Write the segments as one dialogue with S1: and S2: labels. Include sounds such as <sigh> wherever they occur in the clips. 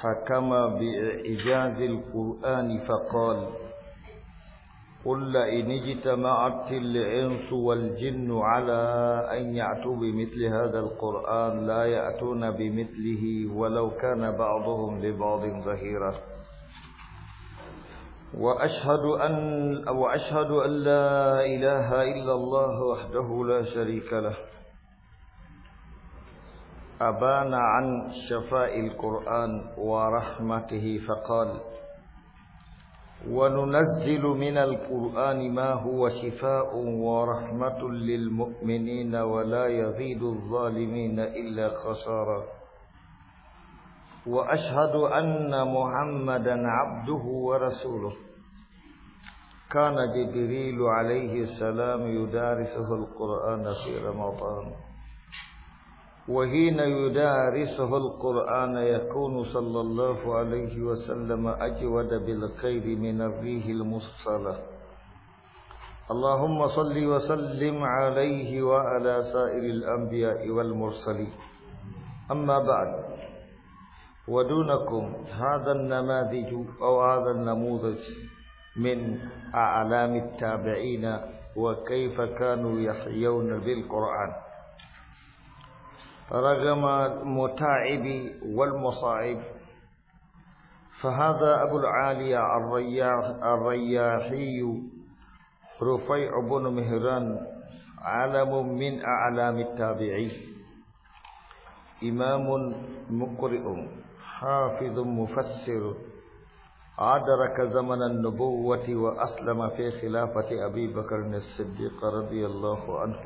S1: حكم بإعجاز القرآن فقال قل إن اجتمعت الإنس والجن على أن يأتوا بمثل هذا القرآن لا يأتون بمثله ولو كان بعضهم لبعض ظهيرا وأشهد أن, وأشهد أن لا إله إلا الله وحده لا شريك له أبان عن شفاء القرآن ورحمته فقال وننزل من القرآن ما هو شفاء ورحمة للمؤمنين ولا يزيد الظالمين إلا خسارا وأشهد أن محمدا عبده ورسوله كان جبريل عليه السلام يدارسه القرآن في رمضان وحين يدارسه القرآن يكون صلى الله عليه وسلم أجود بالخير من الريح المصلة اللهم صل وسلم عليه وعلى سائر الأنبياء والمرسلين أما بعد ودونكم هذا النماذج أو هذا النموذج من أعلام التابعين وكيف كانوا يحيون بالقرآن رغم المتاعب والمصائب فهذا أبو العالية الرياحي رفيع بن مهران عالم من أعلام التابعين إمام مقرئ حافظ مفسر أدرك زمن النبوة وأسلم في خلافة أبي بكر الصديق رضي الله عنه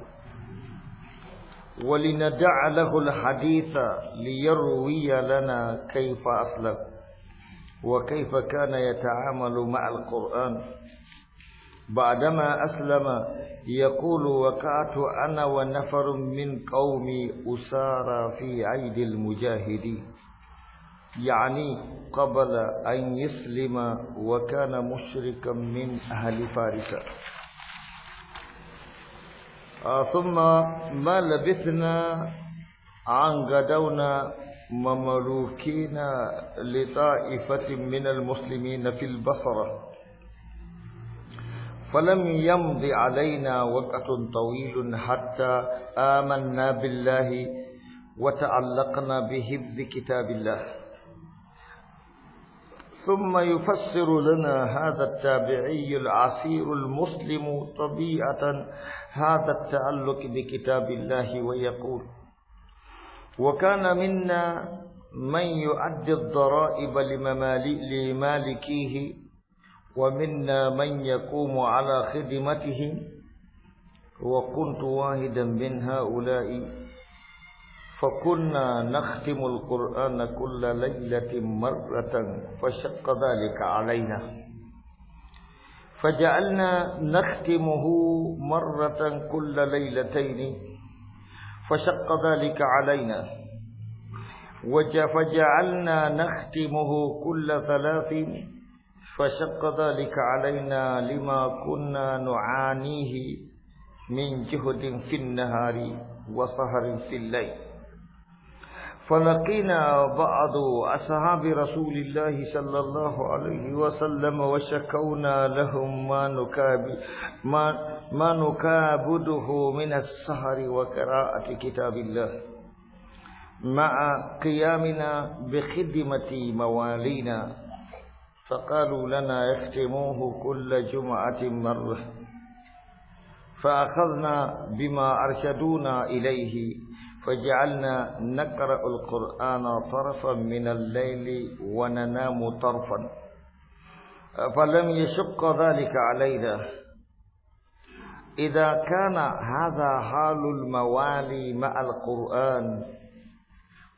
S1: ولندع له الحديث ليروي لنا كيف أسلف وكيف كان يتعامل مع القرآن بعدما أسلم يقول وقعت أنا ونفر من قومي أسارى في أيدي المجاهدين يعني قبل أن يسلم وكان مشركا من أهل فارس آه، ثم ما لبثنا عن غدونا مملوكين لطائفة من المسلمين في البصرة فلم يمض علينا وقت طويل حتى آمنا بالله وتعلقنا بحفظ كتاب الله ثم يفسر لنا هذا التابعي العسير المسلم طبيعة هذا التعلق بكتاب الله ويقول وكان منا من يؤدي الضرائب لمالكيه ومنا من يقوم على خدمته وكنت واحدا من هؤلاء فكنا نختم القرآن كل ليلة مرة فشق ذلك علينا فجعلنا نختمه مرة كل ليلتين فشق ذلك علينا فجعلنا نختمه كل ثلاث فشق ذلك علينا لما كنا نعانيه من جهد في النهار وسهر في الليل فلقينا بعض أصحاب رسول الله صلى الله عليه وسلم وشكونا لهم ما نكاب ما, ما نكابده من السهر وقراءة كتاب الله مع قيامنا بخدمة موالينا فقالوا لنا يختموه كل جمعة مرة
S2: فأخذنا بما أرشدونا إليه فجعلنا نقرأ القرآن
S1: طرفا من الليل وننام طرفا فلم يشق ذلك علينا إذا كان هذا حال الموالي مع القرآن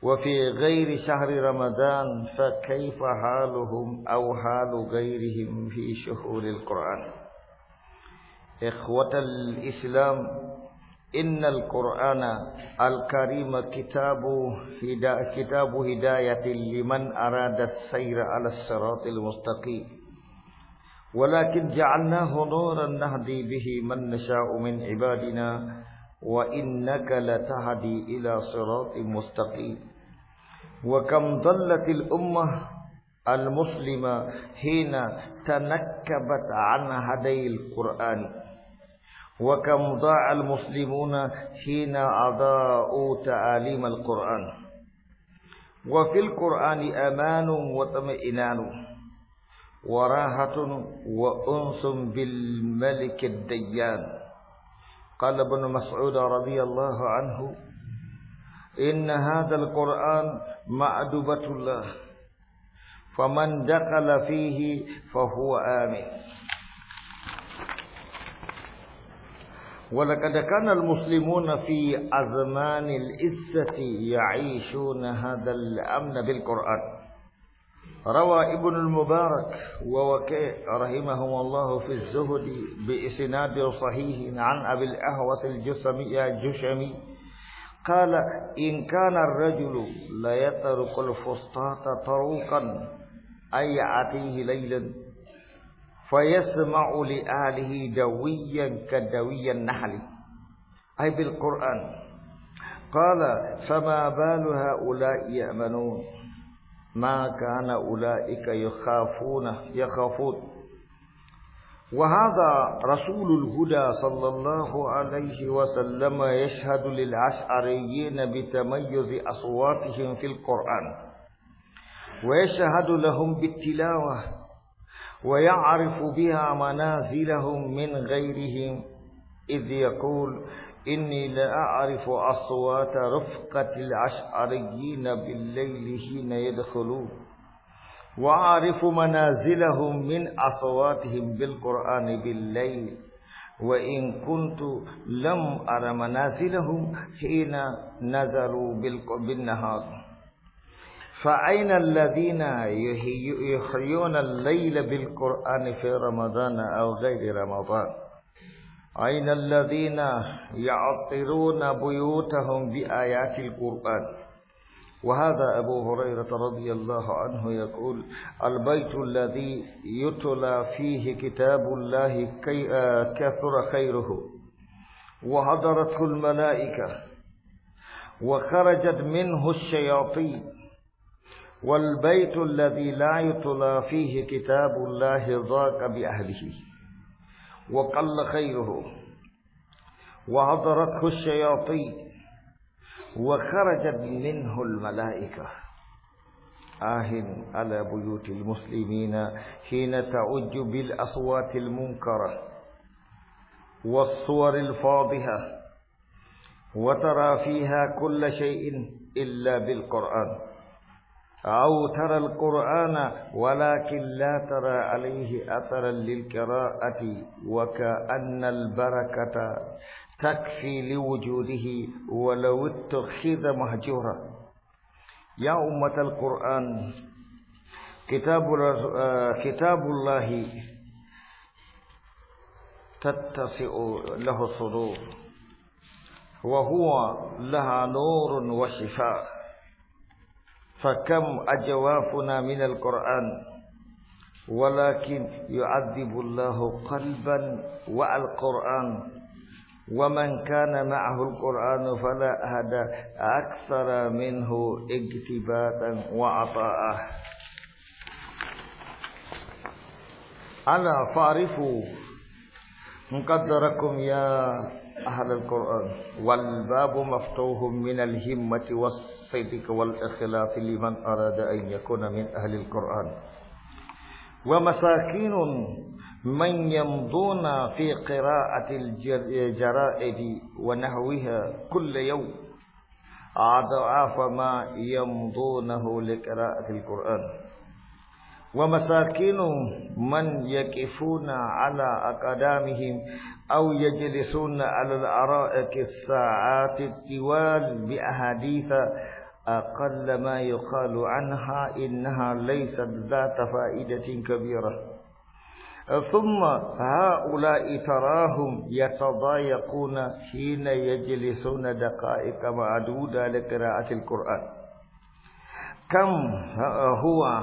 S1: وفي غير شهر رمضان فكيف حالهم أو حال غيرهم في شهور القرآن إخوة الإسلام إن القرآن الكريم كتاب هدا كتاب هداية لمن أراد السير على الصراط المستقيم ولكن جعلناه نورا نهدي به من نشاء من عبادنا وإنك لتهدي إلى صراط مستقيم وكم ضلت الأمة المسلمة حين تنكبت عن هدي القرآن وكم ضاع المسلمون حين أضاءوا تعاليم القرآن وفي القرآن أمان وطمئنان وراحة وأنس بالملك الديان قال ابن مسعود رضي الله عنه إن هذا القرآن معدبة الله فمن دخل فيه فهو آمن ولقد كان المسلمون في أزمان الإسة يعيشون هذا الأمن بالقرآن روى ابن المبارك ووكيع رحمهم الله في الزهد بإسناد صحيح عن أبي الأهوس الجسمي الجشمي قال إن كان الرجل لا يترك الفسطاط طروقا أي أتيه ليلا فيسمع لآله دويا كدوي النحل أي بالقرآن قال فما بال هؤلاء يأمنون ما كان أولئك يخافون يخافون وهذا رسول الهدى صلى الله عليه وسلم يشهد للعشعريين بتميز أصواتهم في القرآن ويشهد لهم بالتلاوة ويعرف بها منازلهم من غيرهم إذ يقول إني لأعرف أصوات رفقة العشعريين بالليل حين يدخلون وأعرف منازلهم من أصواتهم بالقرآن بالليل وإن كنت لم أر منازلهم حين نزلوا بالنهار فأين الذين يحيون الليل بالقرآن في رمضان أو غير رمضان أين الذين يعطرون بيوتهم بآيات القرآن وهذا أبو هريرة رضي الله عنه يقول البيت الذي يتلى فيه كتاب الله كي آه، كثر خيره وحضرته الملائكة وخرجت منه الشياطين والبيت الذي لا يطلى فيه كتاب الله ضاق بأهله وقل خيره وعذرته الشياطين وخرجت منه الملائكة آه على بيوت المسلمين حين تعج بالأصوات المنكرة والصور الفاضحة وترى فيها كل شيء إلا بالقرآن أو ترى القرآن ولكن لا ترى عليه أثرا للقراءة وكأن البركة تكفي لوجوده ولو اتخذ مهجورا يا أمة القرآن كتاب, آه، كتاب الله تتسع له الصدور وهو لها نور وشفاء فكم أجوافنا من القرآن
S2: ولكن يعذب الله قلبا والقرآن
S1: ومن كان معه القرآن فلا أهدى أكثر منه اجتبادا وعطاء ألا فارفوا مقدركم يا أهل القرآن والباب مفتوح من الهمة والصدق والإخلاص لمن أراد أن يكون من أهل القرآن ومساكين من يمضون في قراءة الجرائد ونحوها كل يوم أضعاف ما يمضونه لقراءة القرآن ومساكين من يقفون على أقدامهم أو يجلسون على الأرائك الساعات الطوال بأحاديث أقل ما يقال عنها إنها ليست ذات فائدة كبيرة ثم هؤلاء تراهم يتضايقون حين يجلسون دقائق معدودة لقراءة القرآن كم هو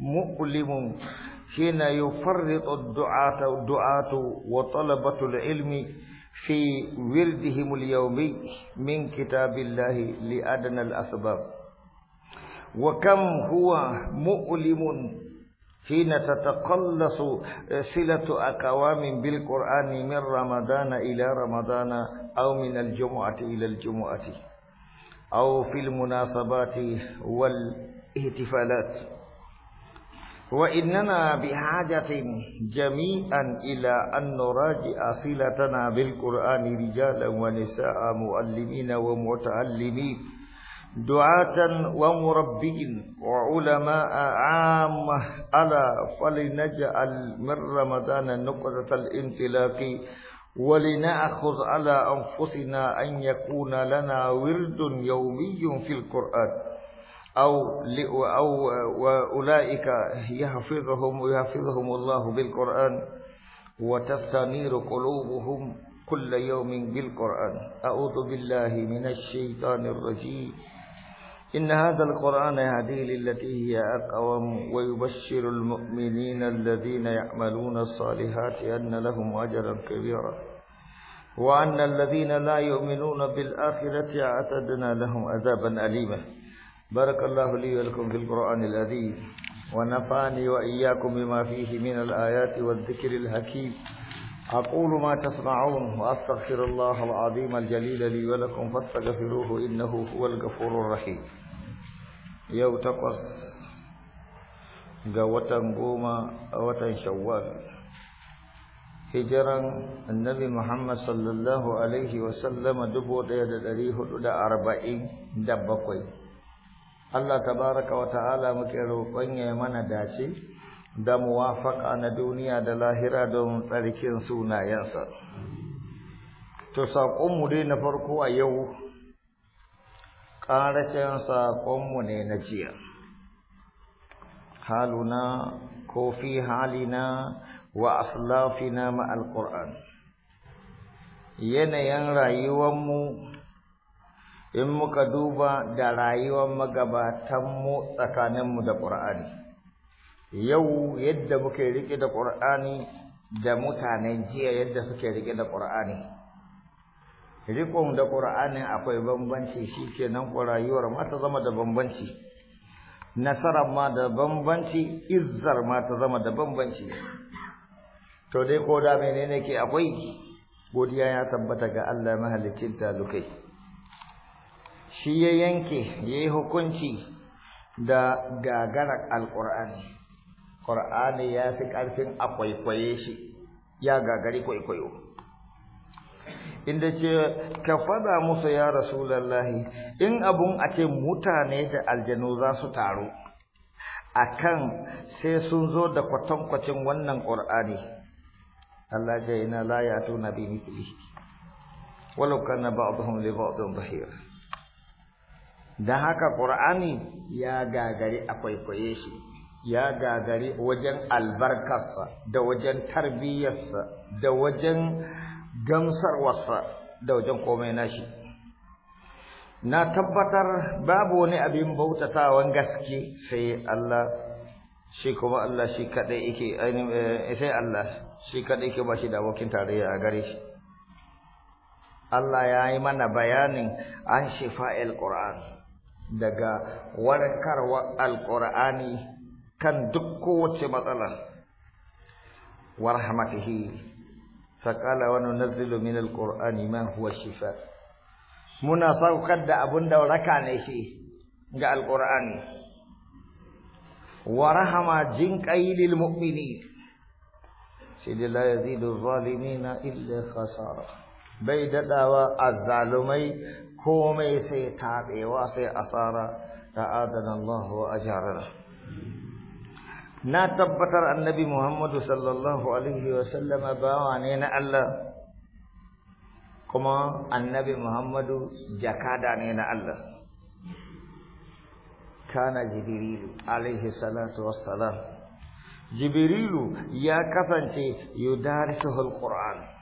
S1: مؤلم حين يفرط الدعاة الدعاة وطلبة العلم في وردهم اليومي من كتاب الله لأدنى الأسباب وكم هو مؤلم حين تتقلص صلة أقوام بالقرآن من رمضان إلى رمضان أو من الجمعة إلى الجمعة أو في المناسبات والاحتفالات وإننا بحاجة جميعا إلى أن نراجع صلتنا بالقرآن رجالا ونساء مؤلمين ومتعلمين دعاة ومربين وعلماء عامة ألا فلنجعل من رمضان نقطة الانطلاق ولنأخذ على أنفسنا أن يكون لنا ورد يومي في القرآن أو أو وأولئك يحفظهم ويحفظهم الله بالقرآن وتستنير قلوبهم كل يوم بالقرآن أعوذ بالله من الشيطان الرجيم إن هذا القرآن يهدي للتي هي أقوم ويبشر المؤمنين الذين يعملون الصالحات أن لهم أجرا كبيرا وأن الذين لا يؤمنون بالآخرة أعتدنا لهم عذابا أليما بارك الله لي ولكم في القرآن العظيم ونفعني وإياكم بما فيه من الآيات والذكر الحكيم أقول ما تسمعون وأستغفر الله العظيم الجليل لي ولكم فاستغفروه إنه هو الغفور الرحيم يو تقص قوة قوما قوة شوال هجرا النبي Muhammad sallallahu alaihi wasallam وسلم ɗaya يد ɗari hudu da arba'in da Allah tabaraka wa ta'ala muke roƙon ya mana dace da muwafaqa na duniya da lahira don tsarkin sunayensa to saƙonmu dai na farko a yau ƙaracin saƙonmu ne na jiya haluna ko fi halina wa aslafina ma alƙur'an yanayin mu. in muka duba da rayuwar magabatanmu tsakaninmu da ƙur'ani yau yadda muke riƙe da ƙur'ani da mutanen jiya yadda suke riƙe da ƙur'ani riƙon da ƙur'ani akwai bambanci shi kenan rayuwar ma ta zama da bambanci nasarar ma da bambanci izzar ma ta zama da bambanci to dai ko da menene ke akwai godiya ya tabbata ga Allah mahaliccin talukai shi ya yanke ya yi hukunci da gagarar alƙur'ani ƙur'ani ya fi ƙarfin a kwaikwaye shi ya gagari kwaikwayo inda ce ka fada musu ya rasulallahi in abun a ce mutane da aljanu za su taru akan sai sun zo da kwatankwacin wannan ƙur'ani Allah na la yatu nabi mithlihi walau kana ba'dhum li ba'dhin dhahira da haka qur'ani ya gagari a kwaikwaye shi ya gagari wajen albarkarsa da wajen tarbiyyarsa da wajen gamsarwarsa da wajen komai nashi na tabbatar babu wani abin bautatawan gaske sai Allah shi kuma Allah shi kadai yake eh, sai Allah shi kadai yake ba shi da abokin tarayya a gare shi Allah ya yi mana bayanin an shifa'il Qur'an daga warkarwar alƙur'ani kan duk kowace matsala wa rahmatihi فقال وننزل min القرآن ma huwa shifa muna saukar da abun da raka ne shi ga alqur'ani wa rahama jinqai lil mu'minin sai da la yazidu zalimina illa khasara bai daɗawa azzalumai komai sai taɓewa sai asara ta'adana Allah wa ajarana na tabbatar annabi Muhammadu sallallahu alaihi wa sallama bawa ne na Allah kuma annabi Muhammadu jakada ne na Allah kana jibrilu alaihi salatu wassalam jibrilu ya kasance yudarisuhul qur'an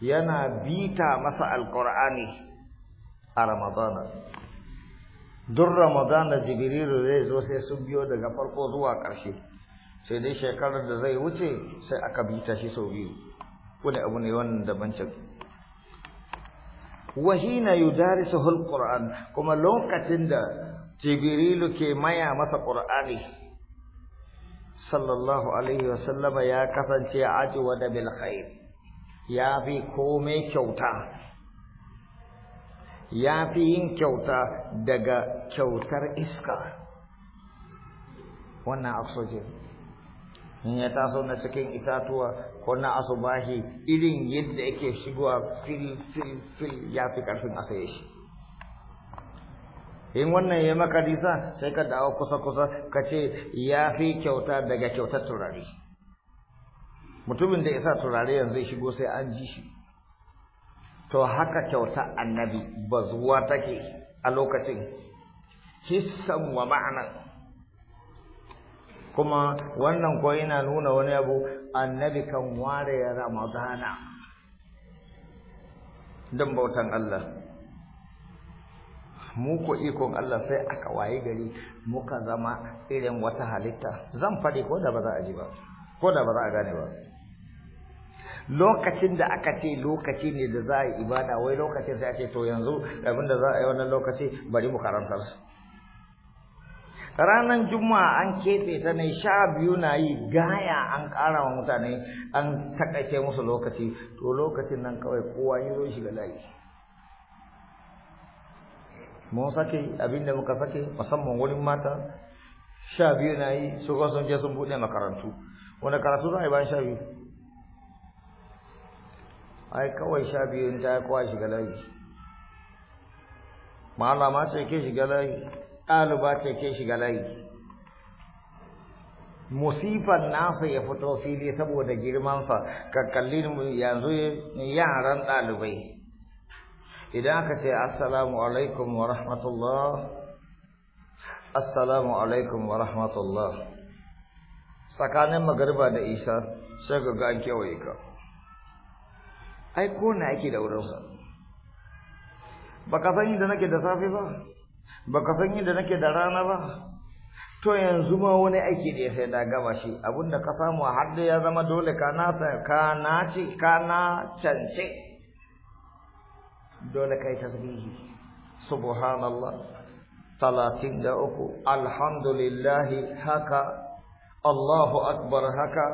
S1: yana bita masa alqur'ani a ramadana dur ramadana jibril zai zo sai sun biyo daga farko zuwa ƙarshe sai dai shekarar da zai wuce sai aka bita shi sau biyu wani abu ne wannan daban can wahina yudarisu alquran kuma lokacin da jibril ke maya masa qur'ani sallallahu alaihi wasallama ya kasance ajwa da bil khair ya fi komai kyauta ya fi yin kyauta daga kyautar iska wannan oxygen in ya taso na cikin itatuwa ko na asubahi irin yadda yake shigowa fil fil fil ya fi ƙarfin asaye shi in wannan ya makarisa sai ka dawo kusa kusa ka ce ya fi kyauta daga kyautar turari. mutumin da yasa turare yanzu shigo sai an ji shi to haka kyauta annabi bazuwa take a lokacin hissan wa ma'ana, kuma wannan ko yana nuna wani abu annabi kan ware ramadana don bautan Allah mu ko ikon Allah sai aka waye gari muka zama irin wata halitta zan faɗi ko da ba za a ji ba ko da ba za a gane ba lokacin da aka ce lokaci ne da za a yi ibada wai lokacin sai a ce to yanzu abinda za a yi wannan lokaci bari mu karantar ranar juma'a an kefe ta ne sha biyu na yi gaya an ƙara wa mutane an takaice musu lokaci to lokacin nan kawai kowa ya zo shiga layi mun sake abinda muka sake musamman wurin mata sha biyu na yi su sun je sun buɗe makarantu wanda karatu za a yi bayan sha biyu ai kawai sha biyu in ta kowa shiga layi malama ce ke shiga layi ɗaliba ce ke shiga layi musifar nasa ya fito fili saboda girmansa ka kalli yanzu yaran ɗalibai idan aka ce assalamu alaikum wa rahmatullah assalamu alaikum wa rahmatullah tsakanin magariba da isa sai ga an kewaye ka ai ko na yake da wurinsa baka san yadda nake da safi ba baka san yadda nake da rana ba to yanzu ma wani aiki da sai da gaba shi abinda ka samu har da ya zama dole ka na ka na ci ka na cance dole kai tasbihi subhanallah talatin da uku alhamdulillahi haka Allahu akbar haka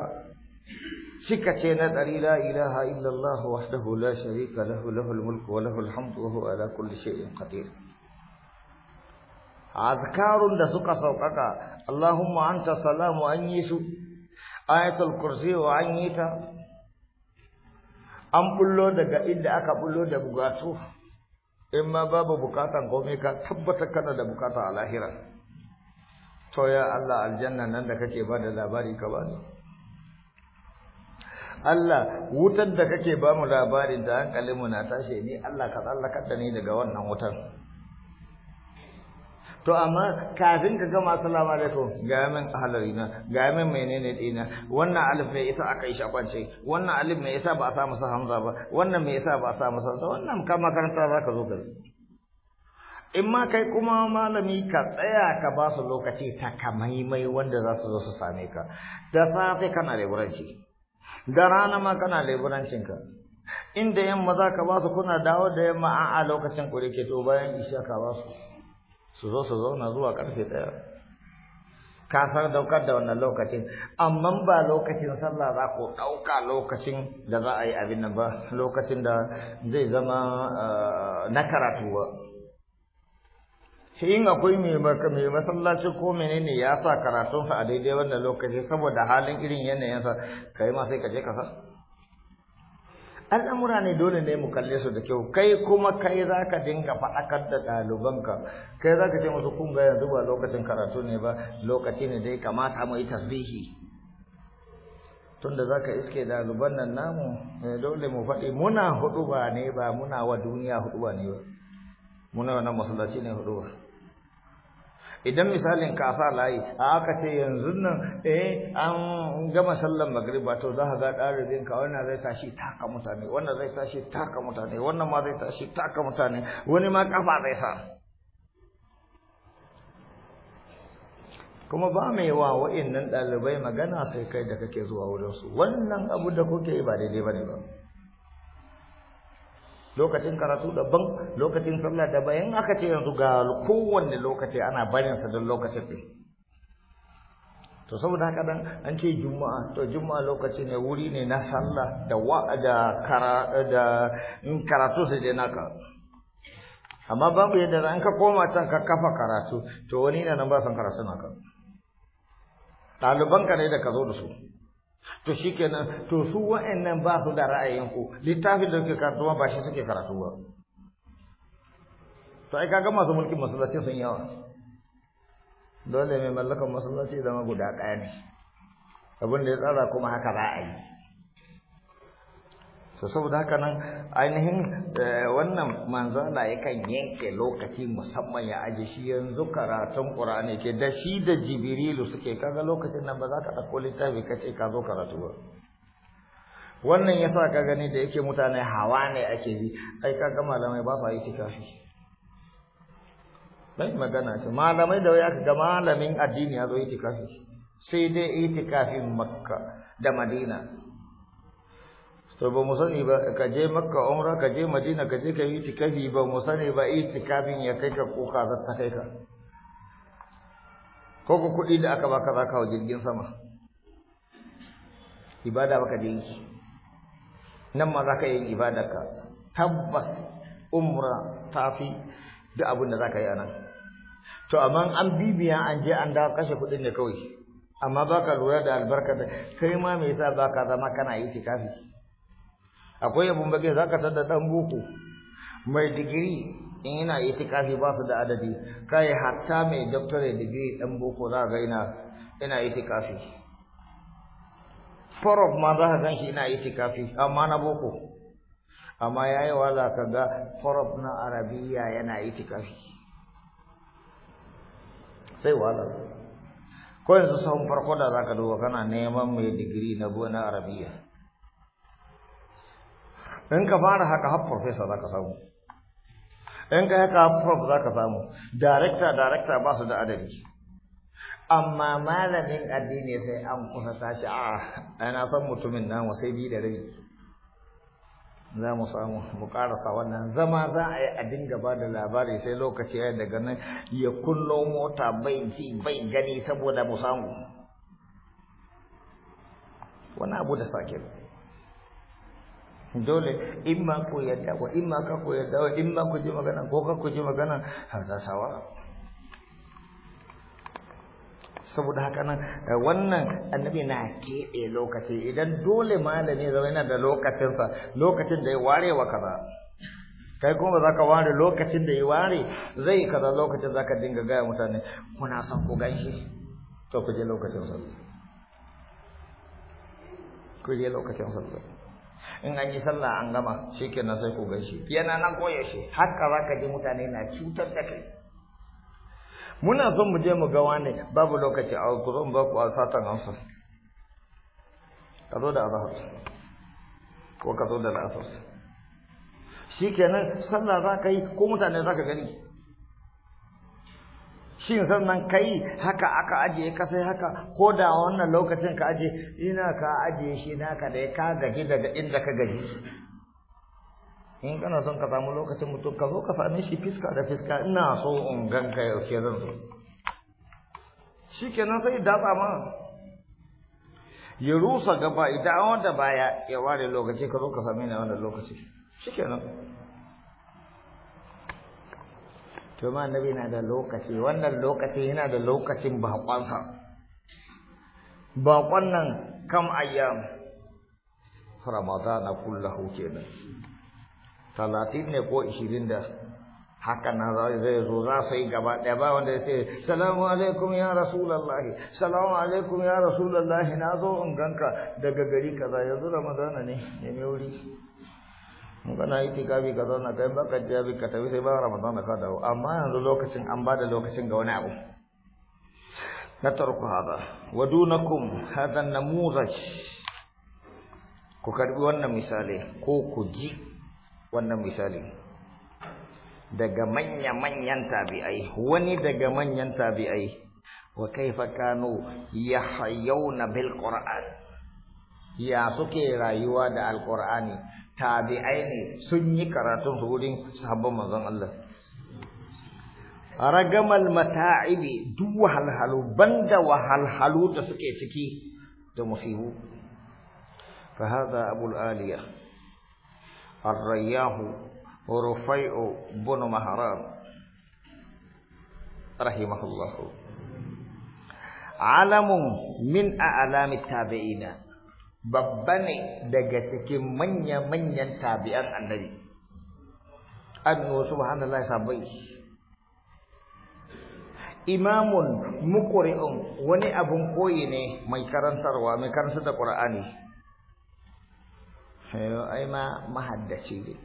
S1: suka ce na ɗari la ilaha illallah wahdahu la sharika lahu lahul mulku wa lahul hamdu ala kulli shay'in qadir azkarun da suka saukaka Allahumma salamu an yi kursi wa ta an bullo daga inda aka bullo da bugatu in ma babu bukatan komai ka tabbata kana da bukata a lahira to ya Allah aljanna nan da kake ba da labari ka bani Allah wutar da kake ba mu labarin da hankalinmu na tashi ni Allah ka tsallakar da ni daga wannan wutar to amma kafin ka gama assalamu alaikum ga min ahlarina ga min menene dina wannan alif me yasa aka yi ce. wannan alif me yasa ba a sa hamza ba wannan me yasa ba a sa masa wannan kama za ka zo ka in ma kai kuma malami ka tsaya ka ba su lokaci takamaimai wanda za su zo su same ka da safe kana da buranci da rana ma kana ka. inda yamma za ka ba su kuna dawo da yamma a a lokacin ku ke to bayan isha ka ba su su zo su zauna zuwa karfe daya. ka san daukar da wannan lokacin amma ba lokacin sallah za ku ɗauka lokacin da za a yi abin nan ba lokacin da zai zama ah, na karatu ba shi in akwai mai masallaci ko menene ya sa karatunsa a daidai wannan lokaci saboda halin irin yanayinsa kai ma sai ka je ka sa al'amura ne dole ne mu kalle su da kyau kai kuma kai za ka dinga faɗakar da ɗalibanka kai za ka ce musu kun ga yanzu ba lokacin karatu ne ba lokaci ne dai kamata mu yi tasbihi tunda za ka iske ɗaliban nan namu eh, dole mu faɗi muna huɗu ba ne ba muna wa duniya huɗu ba ne ba muna wannan masallaci ne huɗu ba idan misalin ka sa layi a aka ce yanzu nan eh an gama sallan magriba to za ka ga din ka wannan zai tashi taka mutane wannan zai tashi taka mutane wannan ma zai tashi taka mutane wani ma kafa zai sa kuma ba mai wa wa'annan ɗalibai magana sai kai da kake zuwa wurinsu wannan abu da kuke yi ba daidai ba ne ba lokacin karatu daban lokacin sallah daban in aka ce yanzu ga kowanne lokaci ana barin sa don lokacin din to saboda haka dan an ce juma'a to juma'a lokaci ne wuri ne na sallah da wa da kara da in karatu sai dai naka amma babu yadda an ka koma can ka kafa karatu to wani ne nan ba san karatu naka ka ne da ka zo da su to shikenan to su wa'annan ba su da ra'ayinku littafin da kuke karatu ba shi suke karatu ba to ai kaga masu mulkin masallaci sun yawa dole mai mallakan masallaci zama guda ɗaya ne abin da ya tsara kuma haka za a yi to saboda haka nan ainihin eh, wannan manzala yakan yanke lokaci musamman ya aje shi yanzu karatun qur'ani ke da shi da jibrilu suke kaga lokacin nan ba za ka ɗauko littafi ka ce ka zo karatu ba wannan yasa ka gani da yake mutane hawa ne ake bi ai kaga malamai ba sa yi shi bai magana ce malamai da waya ga malamin addini ya zo shi sai dai itikafin makka da madina to ba mu sani ba ka je makka umra ka je madina ka je ka yi tikafi ba mu sani ba itikafin ya kai ka ko ka ta kai ka ko ku kuɗi da aka baka za ka jirgin sama ibada baka je yi nan ma za ka yi ka tabbas umra tafi duk abin da za ka yi a nan to amma an bibiya an je an dawo kashe kuɗin ne kawai amma baka lura da albarka da kai ma me yasa baka zama kana tikafi akwai abun bage zaka tada dan buku mai digiri in yana itikafi ba su da adadi kai hatta mai doctorate digiri dan boko za ga ina ina itikafi forof ma za ka gan shi ina itikafi amma na boko amma yayi wala ka ga forof na arabiya yana itikafi sai wala ko yanzu sahun farko da za ka duba kana neman mai digiri na buwa na arabiya in ka fara haka har professor za ka samu in ka haka har prof za ka samu director director ba su da adadi amma malamin addini sai an kusa tashi a ah, ana son mutumin nan sai bi da rai za mu samu mu karasa wannan zama za a yi a dinga ba da labari sai lokaci ya daga nan ya kullo mota bai ji bai gani saboda mu samu wani abu da sake dole in ma ku yadda ko in ma ka ku yadda ko in ma ku ji magana ko ka ku ji magana har za sawa saboda haka nan eh, wannan annabi na keɓe lokaci idan dole malami zama yana da lokacinsa lokacin da ya ware wa kaza kai kuma za ka ware lokacin da ya ware zai kaza lokacin za ka dinga gaya mutane kuna son ku gan shi to ku je lokacin sallah ku je lokacin sallah in an yi sallah an gama shi kenan sai ku gaishe yana nan koyaushe haka ka ji mutane na cutar da kai muna son mu je mu ga wani babu lokaci a wasu zan ba ku a satan hamsa ka zo da azahar ko ka zo da ke nan sallah za ka yi ko mutane za ka gani shin sannan kai haka aka ajiye ka sai haka ko da wannan lokacin ka ajiye ina ka ajiye shi naka da ka gaji daga inda ka gaji in kana son ka samu lokacin mutum ka zo ka same shi fiska da fiska ina so in ganka yaushe zan zo shikenan sai datsa ma ya rusa gaba idan wanda baya ya ware lokaci ka zo ka same ni wannan lokaci shikenan to ma annabi yana da lokaci wannan lokaci yana da lokacin baƙonsa baƙon nan kam ayyam ramadana kullahu kenan talatin ne ko ishirin da haka na zai zo za su yi gaba ɗaya ba wanda ya ce salamu alaikum ya rasulallahi salamu alaikum ya rasulallahi na zo in ganka daga gari kaza yanzu ramadana ne ne wuri in kana kabi ka zauna kai baka jabi ka tafi sai ba ramadan ka dawo amma yanzu lokacin an bada lokacin ga wani abu Na hada wa dunakum hada namuzaj ku karbi wannan misali ko ku ji wannan misali daga manya-manyan tabi'ai wani daga manyan tabi'ai wa kaifa kanu yahyawna bil qur'an ya suke rayuwa da alqur'ani tabi'ai ne sun yi karatun wurin sahabban manzon Allah ragamal mata'ibi duk wahalhalu banda wahalhalu da suke ciki da musibu fa hadha abul aliya الرياه رفيع بن مهران رحمه الله علم من أعلام التابعين babba ne daga cikin manya-manyan tabi'an annabi annu subhanallahi sabai imamun muqri'un wani abun koyi ne mai karantarwa mai karanta da qur'ani ai ma mahaddaci ne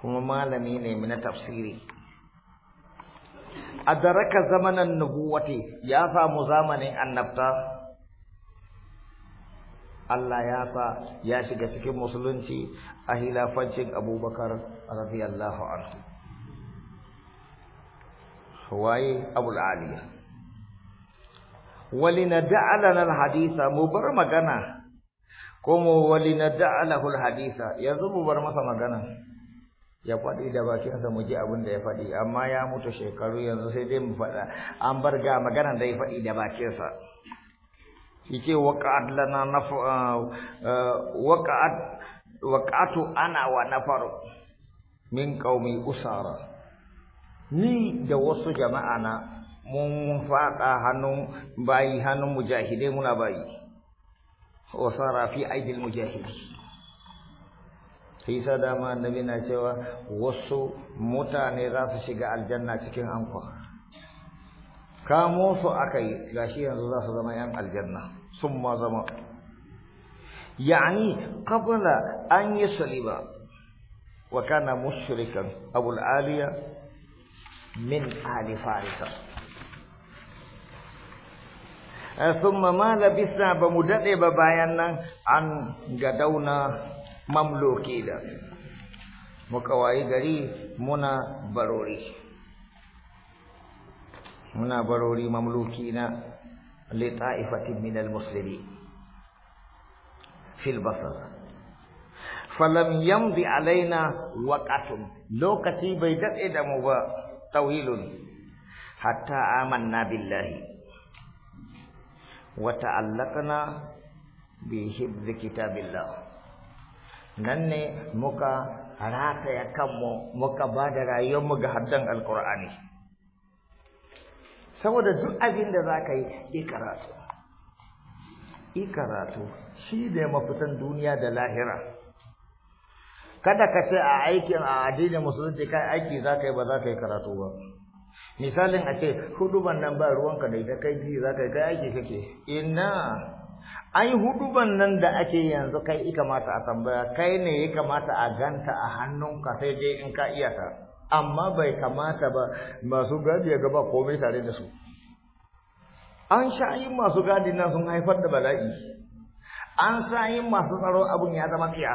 S1: kuma malami ne na tafsiri A daraka zamanan nubuwati ya samu zamanin annabta Allah ya sa ya shiga cikin musulunci a hilafancin abubakar radiyallahu anhu waye abul aliya walina da'alana alhadisa mu bar magana ko mu walina da'alahu alhadisa yanzu mu bar masa magana ya faɗi da bakinsa mu ji abin da ya faɗi amma ya mutu shekaru yanzu sai dai mu faɗa an bar ga maganar da ya faɗi da bakinsa Yake waka'at lana naf uh, uh, waka'at waqa'atu ana wa nafaru min qaumi usara ni da wasu jama'a na mun faɗa hannun bayi hannun mujahide muna bayi usara fi aidil mujahidi sai sa dama annabi na cewa wasu mutane za su shiga aljanna cikin ankwa kamo su akai gashi yanzu za su zama yan aljanna sun ma zama yani qabla an yi saliba wa kana mushrikan abul aliya min ali farisa ثم ما لبثنا بمدد بباينا أن قدونا مملوكي مكواي غري منا بروري منابروا لمملوكينا لطائفة من المسلمين في البصر فلم يمض علينا وقت لوكتي بيدت إدم طويل حتى آمنا بالله وتعلقنا بحفظ كتاب الله نني مكا رات يكمو مكا بادر يوم قهدن القرآنِ saboda duk abin da za ka yi yi karatu karatu shi da mafitan duniya da lahira kada ka ce a aikin a addinin musulunci kai aiki za ka yi ba za ka yi karatu ba misalin a ce huduban nan ba ruwanka da ita kai ji za ka yi kai aiki kake ina ai huduban nan da ake yanzu kai ika mata a tambaya kai ne ya kamata a ganta a hannunka sai dai in ka iya ta amma bai kamata ba masu gadi ya gaba komai tare da su an sha'ayi masu gadi nan sun haifar da bala'i an sha'ayi masu tsaron abun ya zama tsiya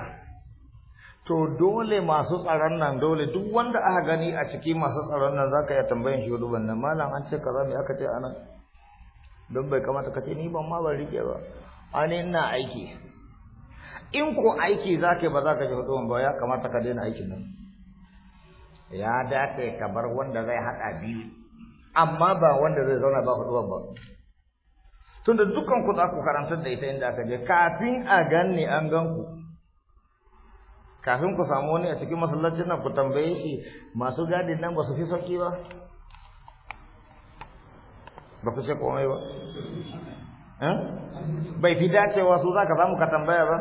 S1: to dole masu tsaron nan dole duk wanda aka gani a ciki masu tsaron nan zaka iya tambayan shi duban nan malam an ce kaza me aka ce anan don bai kamata ka ce ni ban ma ban rike ba ani ina aiki in ko aiki zaka ba zaka ji hudu ba ya kamata ka daina aikin nan ya dace ka bar wanda zai haɗa biyu amma ba wanda zai zauna ba hudu ba tunda dukkan ku za ku karanta da ita inda aka je kafin a ganni an gan ku kafin ku samu wani a cikin masallacin nan ku tambaye shi masu gadi nan ba su fi sauki ba ba ku ce komai ba eh? bai fi dacewa su za ka samu ka tambaya ba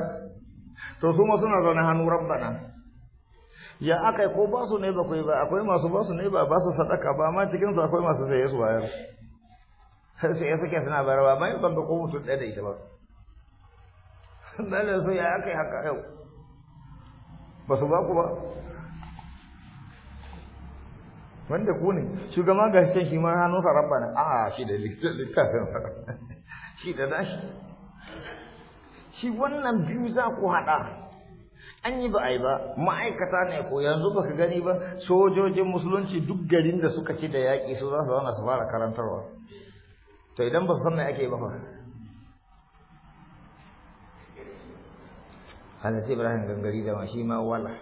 S1: to su ma suna zaune hannu rabbana ya yi ko ba su ne ba kai ba akwai masu ba su ne ba ba su sadaka ba amma cikin su akwai masu saye su bayar sai sai suke suna bayarwa ba ban ga ko mutum ɗaya da ita ba lalle su ya yi haka yau ba su ba ku ba wanda ku ne shugaba ga shi shi ma Rabba ne? a shi da littafin sa shi da dashi shi wannan biyu za ku haɗa an yi ba a yi ba ma'aikata ne ko yanzu ba ka gani ba sojojin musulunci duk garin da suka ci da yaƙi su za su zauna su fara karantarwa to idan ba su san me ake ba fa ce Ibrahim gangari da ma shi ma wala <laughs>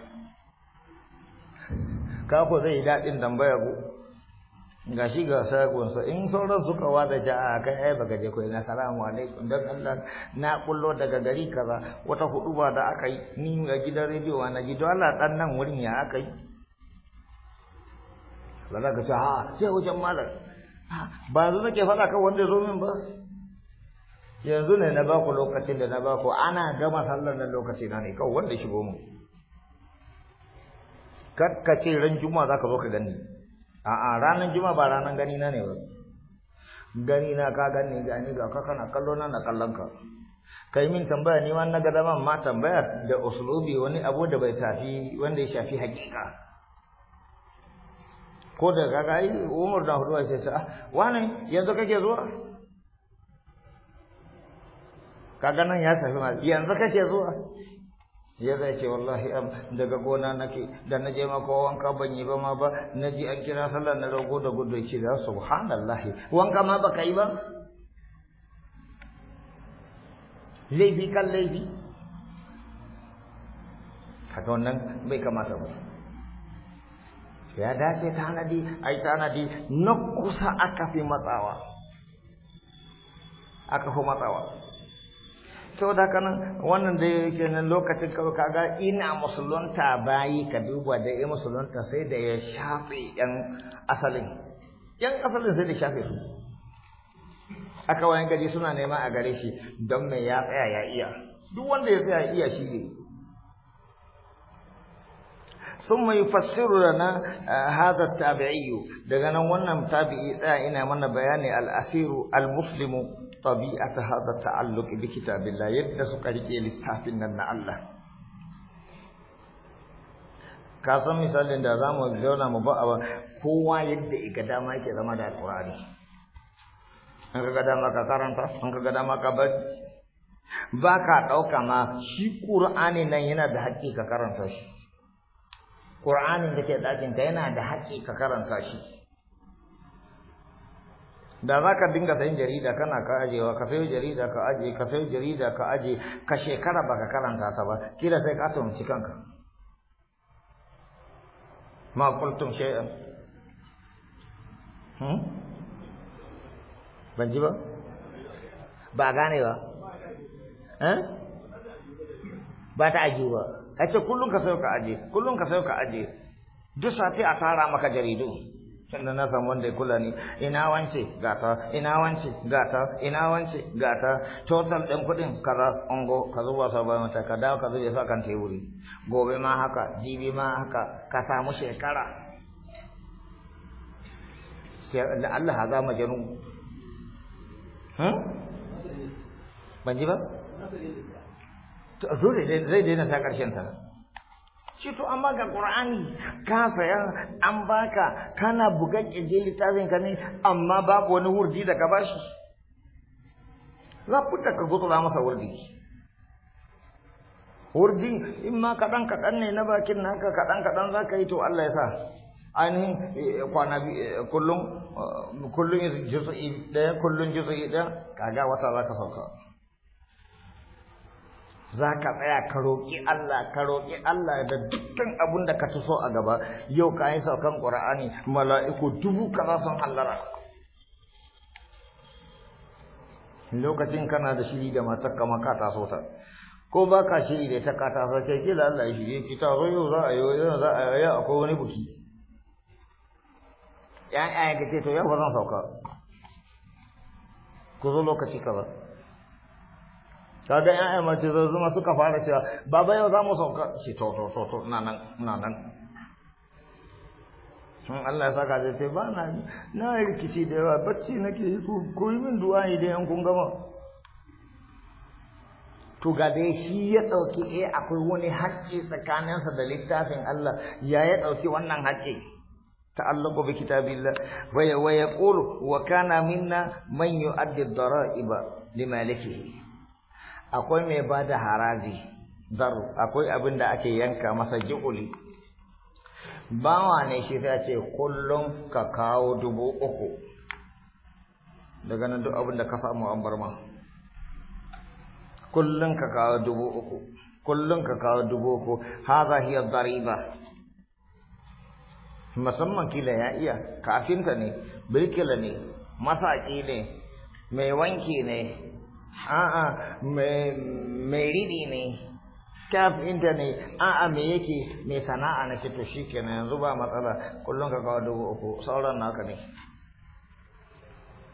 S1: kako zai yi daɗin tambaya ko ga shi ga sagonsa in sauran suka wada ja'a kai ai baka je koyi na salamu alaikum dan Allah na kullo daga gari kaza wata huduba da aka yi ni a gidan rediyo na ji Allah dan nan wurin ya aka yi wala ka ce ha sai wajen malam ba zo nake faɗa kan wanda zo min ba yanzu ne na ba ku lokacin da na ba ku ana gama sallar nan lokaci na ne kawai wanda shigo mu kar ka ce ran juma'a zaka zo ka gani a'a ranar juma ba ranar gani na ne ba gani na ka gani gani ga ka kana kallo na na kallon ka kai min tambaya ni wannan na ga ma tambaya da usulubi wani abu da bai shafi wanda ya shafi hakika ko da kaga ga Umar da Hudu sai sa wani yanzu kake zuwa kaga nan ya shafi ma yanzu kake zuwa ya zai ce wallahi am daga gona nake da na je maka wanka ban yi ba ma ba na ji an kira sallar na rago da gudu ce da subhanallahi wanka ma baka yi ba laifi kan laifi kaga wannan bai kamata ba ya dace tanadi ai tanadi na kusa aka fi matsawa aka fi matsawa saboda da nan wannan da yake nan lokacin kawo kaga ina musulunta bayi ka duba da ina musulunta sai da ya shafe yan asalin yan asalin sai da shafe su aka wayan gaji suna nema a gare shi don mai ya tsaya ya iya duk wanda ya tsaya iya shi ne Sun mai fassiru da na هذا eh, tabi'iyu daga nan wannan tabi'i tsaya ina mana bayani al-asiru al-muslimu طبيعة هذا التعلق بكتاب الله يدس قرية للتحفين Allah. الله kasan misalin da za mu zauna mu ba kowa yadda ika dama yake zama da alƙur'ani an ka dama ka karanta an ka dama ka bari ba ka ɗauka ma shi ƙur'ani nan yana da haƙƙi ka karanta shi ƙur'anin da ke ɗakinka yana da haƙƙi ka karanta shi da za ka dinga sayin jarida kana ka ajewa ka sayo jarida ka aje ka sayo jarida ka aje ka shekara ba ka karanta ta ba kila sai ka tumci kanka ma qultum shay'an hmm ban ji ba ba gane ba eh ba ta ajiyu ba ce kullun ka sayo ka aje kullun ka sayo ka aje duk safi a tara maka jaridu sannan na samu wanda ya kula ni ina wance gata ina wance gata ina wance gata total ɗin kuɗin kaza ungo ka zuba sa ba mata ka dawo ka zuba sa kan teburi gobe ma haka jibi ma haka ka samu shekara da Allah ha zama janu hmm? ban ji ba dole zai daina sa ƙarshen ta shi to amma ga qur'ani ka saya an baka kana bugan je littafin ka ne amma babu wani wurdi daga ka bashi ta ka gutsura masa wurdi wurdi in ma kaɗan kaɗan ne na bakin naka kaɗan kaɗan za ka yi to Allah ya sa ainihin eh, kwana eh, kullum eh, kullum juzu'i ɗaya kullum juzu'i ɗaya kaga wata zaka sauka za ka tsaya ka roƙi Allah ka roƙi Allah da dukkan abun da ka ta so a gaba yau ka yi saukan ƙura'ani mala'iku dubu ka za sun hallara lokacin kana da shiri da matar kama ka taso ta ko ba ka shiri da ita ka taso sai da Allah ya shirye ki taso yau za a yi yau za a yi akwai wani buki ya'ya ya ce to yau ba zan sauka ku zo lokaci kaza Ka ga ƴaƴa mace zuma suka fara cewa baba yau za mu sauka shi to to to na nan na nan sun Allah ya saka zai ce ba na na rikici da yawa bacci nake yi ko koyi min du'a idan kun gama to ga dai shi ya ɗauki eh akwai wani haƙƙi tsakaninsa da littafin Allah ya ya ɗauki wannan haƙƙi ta'allaqu bi kitabillah wa ya qulu wa kana minna man yu'addi ad-dara'iba limalikihi akwai mai ba da haraji dar akwai abin da ake yanka masa ji'uli bawa ne shi sai ce kullum ka kawo dubu uku daga nan duk abin da ka samu an bar ma kullum ka kawo dubu uku kullum ka kawo dubu uku haza hiya dariba musamman kila ya iya kafinta ne birkila ne masaki ne mai wanki ne a'a mai ridi ne kaf inda a'a me yake mai sana'a na to shi kenan yanzu ba matsala kullum ka kawo dubu uku sauran naka ne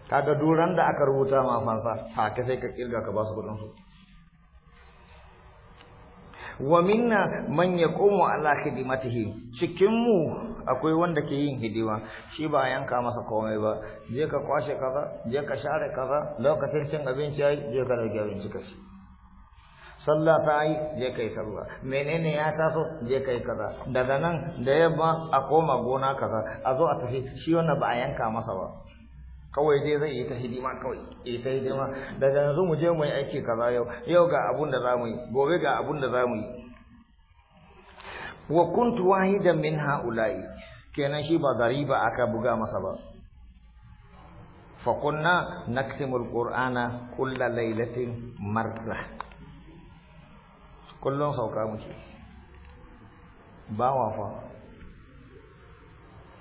S1: kaga duran da aka rubuta ma fansa ka sai ka kirga ka basu su kudin su wa minna man yaqumu ala khidmatihi cikin mu akwai wanda ke yin hidima shi ba yanka masa komai ba je ka kwashe kaza je ka share kaza lokacin cin abinci yayi je ka dauki abinci kashi sallah ta yi je kai sallah menene ya taso je kai kaza daga nan da yamma a koma gona kaza a zo a tafi shi wannan ba a yanka masa ba kawai dai zai yi ta hidima kawai yi ta hidima daga yanzu mu je mu yi aiki kaza yau yau ga abun da za mu yi gobe ga abun da za mu yi wa kuntu wahidan min haula'i kenan shi ba ba aka buga masa ba fa kunna naktimu alqur'ana kulla lailatin marra kullun sauka muke ba wa fa.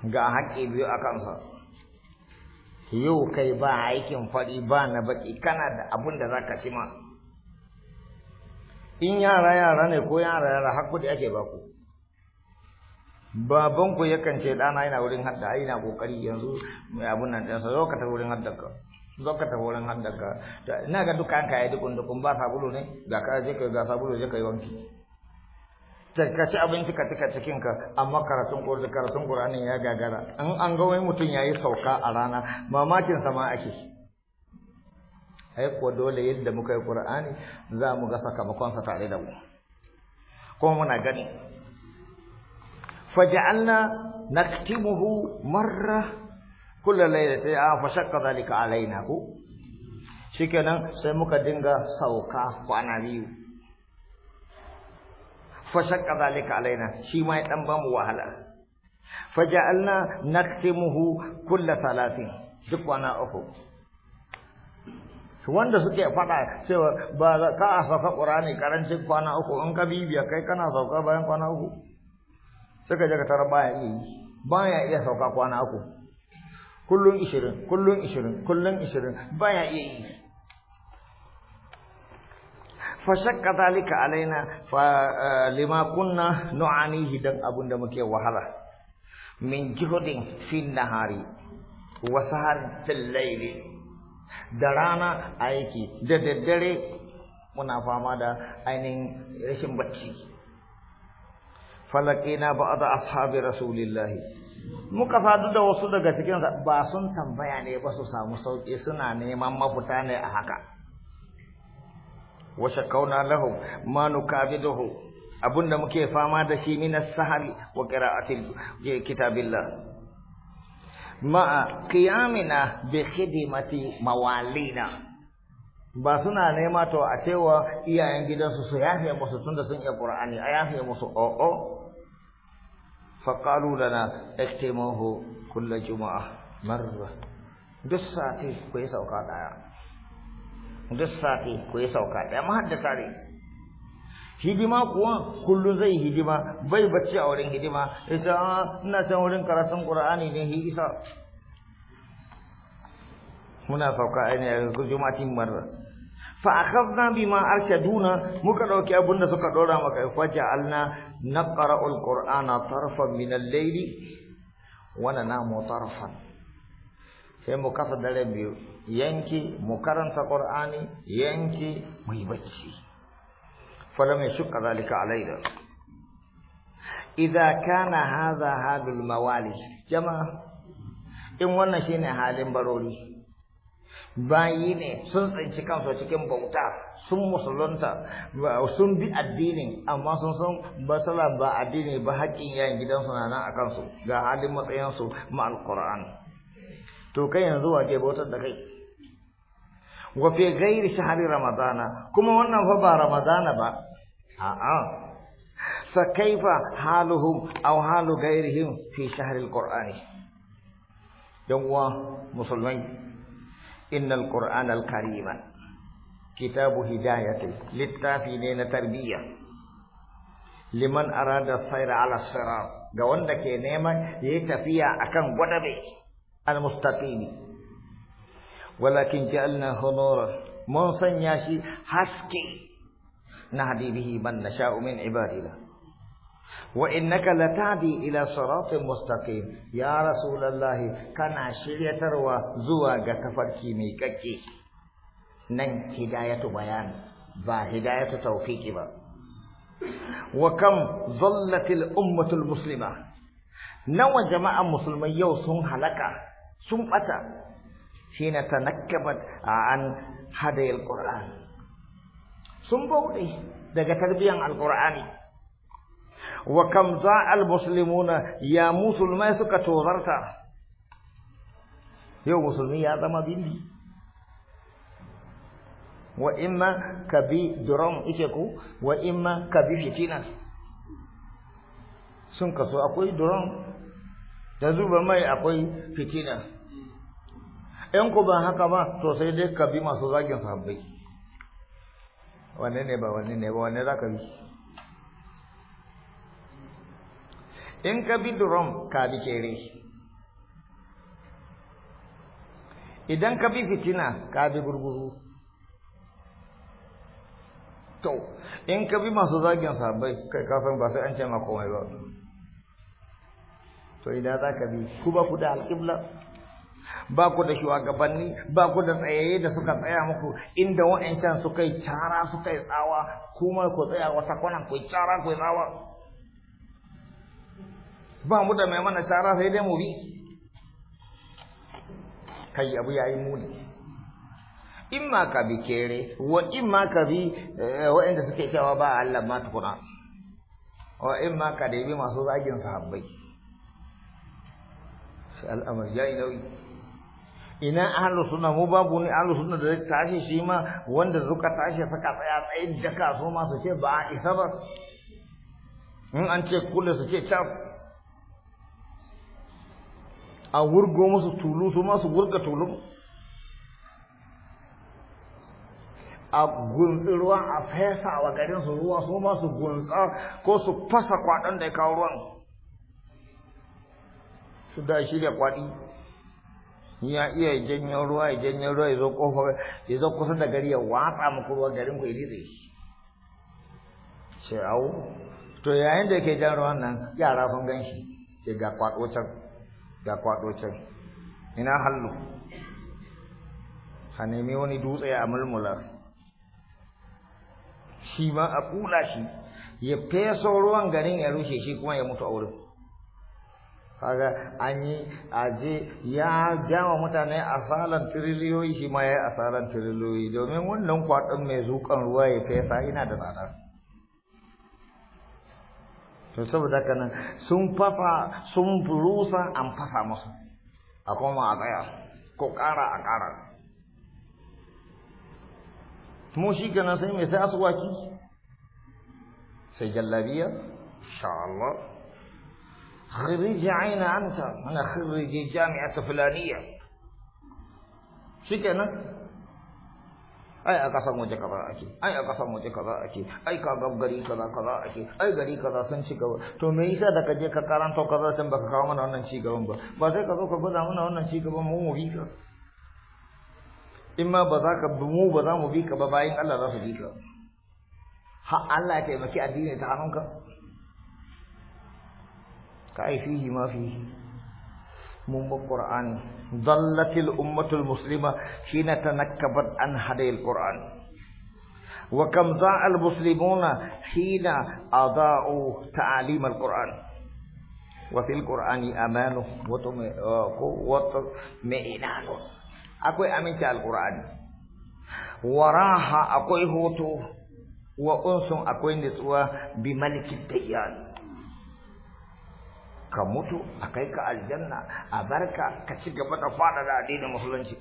S1: ga haƙƙi biyu a kansa yau kai ba aikin faɗi ba na baƙi kana da abin da za ka ci ma in yara yara ne ko yara yara haƙƙu da ake baku babanku yakan ce ɗana yana wurin hadda ai yana kokari yanzu mai abun nan ɗansa zo ka tafi wurin haddaka zo ka tafi wurin ka ina ga dukkan ka yi dukun dukun ba sabulu ne ga ka je ka ga sabulu je ka yi wanki ka ci abinci ka cika cikin ka amma karatun ƙur'ani karatun ƙur'ani ya gagara in an ga wani mutum yayi sauka a rana mamakin sama ake ai ko dole yadda muka yi ƙur'ani za mu ga sakamakonsa tare da mu kuma muna gani فجعلنا نكتمه مرة كل ليلة فشق ذلك علينا shikenan sai muka dinga sauka kwana biyu Fa fashaqqa zalika alaina shi ma ya dan bamu wahala faja'alna naqsimuhu kulla salatin duk kwana uku wanda suke fada cewa ba ka a sauka ƙurani ƙarancin kwana uku in ka bibiya kai kana sauka bayan kwana uku suka ka je ka baya iya yi baya iya sauka kwana uku kullun ishirin kullun ishirin kullun ishirin baya iya yi Fa shakka dalika alaina fa eh, lima kunna nu'anihi dan abun da muke wahala min juhudin fi nahari wa sahar tillaili da rana aiki da daddare muna fama da ainihin rashin bacci na ba'd ashabi rasulillah muka sadu da wasu daga cikin ba sun tambaya ne ba su samu sauki suna neman mafuta ne a haka wa shakauna lahum ma nukabiduhu muke fama da shi minas sahari wa qira'atil kitabillah ma'a qiyamina bi khidmati mawalina ba suna nema to a cewa iyayen gidansu su yafe musu tunda sun iya qur'ani a yafe musu o'o oh, oh. na lana ihtimahu kull juma'a marra duk sati ku yi sauka daya duk sati ku yi sauka daya mahaddata ne hidima kuwa kullum zai hidima bai bacci a wurin hidima ita ah, ina san wurin karatun qur'ani ne hi isa muna sauka ainihin jumatin marra fa akhadna bima arshaduna muka dauki abunda suka dora maka faja alna naqra'ul qur'ana tarfan min al-layli wa nanamu tarfan sai mu kasa dare biyu yanki mu karanta qur'ani yanki mu yi bacci falam yashqa zalika alayna idza kana hadha hadul mawali jama'a in wannan shine halin barori bayi ne sun tsinci kansu cikin bauta sun musulunta sun bi addini amma sun san basala ba addini ba haƙƙin yayin gidansu na nan a kansu ga halin matsayinsu ma alƙur'an to kai yanzu wa ke bautar da kai wa fi gairi shahari ramadana kuma wannan fa ba ramadana ba a'a fa kaifa haluhum aw halu gairihim fi shahri alqur'ani yan uwa musulmai إن القرآن الكريم كتاب هداية للتافين تربية liman arada sayra ala sirat ga wanda ke neman yayi tafiya akan gwadabe almustaqimi walakin ja'alna hunura mun sanya shi haske na bihi man nasha'u min ibadina وإنك لتعدي إلى صراط مستقيم يا رسول الله كان عشرية تروى زواج كفركي ميككي نن هداية بيان با هداية توفيق با وكم ظلت الأمة المسلمة نوى جماعة مسلمين يوصون هلكا سمبتا حين تنكبت عن هدي القرآن سنبوتي دقى تربية القرآن wa kam za al-muslimuna ya musulmai suka tozarta yau musulmi ya zama bindi wa imma ka bi duram ike ku wa imma ka bi fitina sun kaso akwai duram da zuba mai akwai fitina in ku ba haka ba to sai dai ka bi masu zagin sahabbai wanne ne ba wanne ne ba wanne za ka bi in ka bi durom ka bi kere idan ka bi fitina ka bi gurguru to in ka bi masu zagin sabai kai ka san ba sai an ce ma komai ba to idan za ka bi ku ba ku da alƙibla ba ku da shugabanni ba ku da tsayaye da suka tsaya muku inda wa'ancan suka yi cara suka yi tsawa kuma ku tsaya wata kwanan ku yi cara ku yi tsawa ba mu da mai mana tsara sai dai mu bi kai abu yayi muni imma ka bi kere wa imma ka bi eh, waɗanda suke cewa ba Allah ma tukuna wa imma ka dai bi masu zagin sahabbai shi al'amari yayi nauyi ina ahlu sunna mu babu ni ahlu sunna da tashi shi ma wanda zuka tashi saka tsaya tsayin daka so ma su ce ba a isa ba in an ce kullu su ce cas a wurgo musu tulu su masu wurga tulu a gunsi ruwa a fesa wa garin su ruwa su masu gunsa ko su fasa kwaɗon da ya kawo ruwan su da shirya kwaɗi ya iya janyo ruwa ya janyo ruwa ya zo kofa ya zo kusa da gari ya watsa muku ruwa garin ku ya ritse shi sai to yayin da ke jan ruwan nan yara kun gan shi sai ga kwaɗo can ga kwado can ina hallu ka nemi wani dutse a mulmula shi ma a kula shi ya feso ruwan garin ya rushe shi kuma ya mutu a wurin kaga an yi aje ya jama mutane asalan tiriliyoyi shi ma ya yi asalan tiriliyoyi domin wannan kwaɗon mai zuƙan ruwa ya fesa ina da tsada saboda haka nan sun fasa sun rusa an fasa musu a koma a tsaya ko ƙara a ƙara mu shi kenan sai mai sai asuwaki sai jallabiya insha Allah aina anta ana أنت أنا خريج fulaniya shi شكرا ai a kasan waje kaza ake ai a kasan waje kaza ake ai ka gab gari kaza kaza ake ai gari kaza sun ci gaba to me yasa da kaje ka karanta kaza tun baka kawo mana wannan ci gaban ba ba sai ka zo ka gwada mana wannan ci gaban mu mu bi ka ba za ka mu ba za mu bi ka ba bayan Allah za su bi ka Allah ya taimaki addini ta hannunka ka ai fihi ma fihi من القرآن ظلت الأمة المسلمة حين تنكبت عن هدي القرآن وكم ضاع المسلمون حين أضاعوا تعاليم القرآن وفي القرآن أمان وطمئنان أكوي أمين القرآن وراها أكوي هوتو وأنس أكوي نسوة بملك الديان ka mutu a kai ka aljanna a barka ka ci gaba da fada da addinin musulunci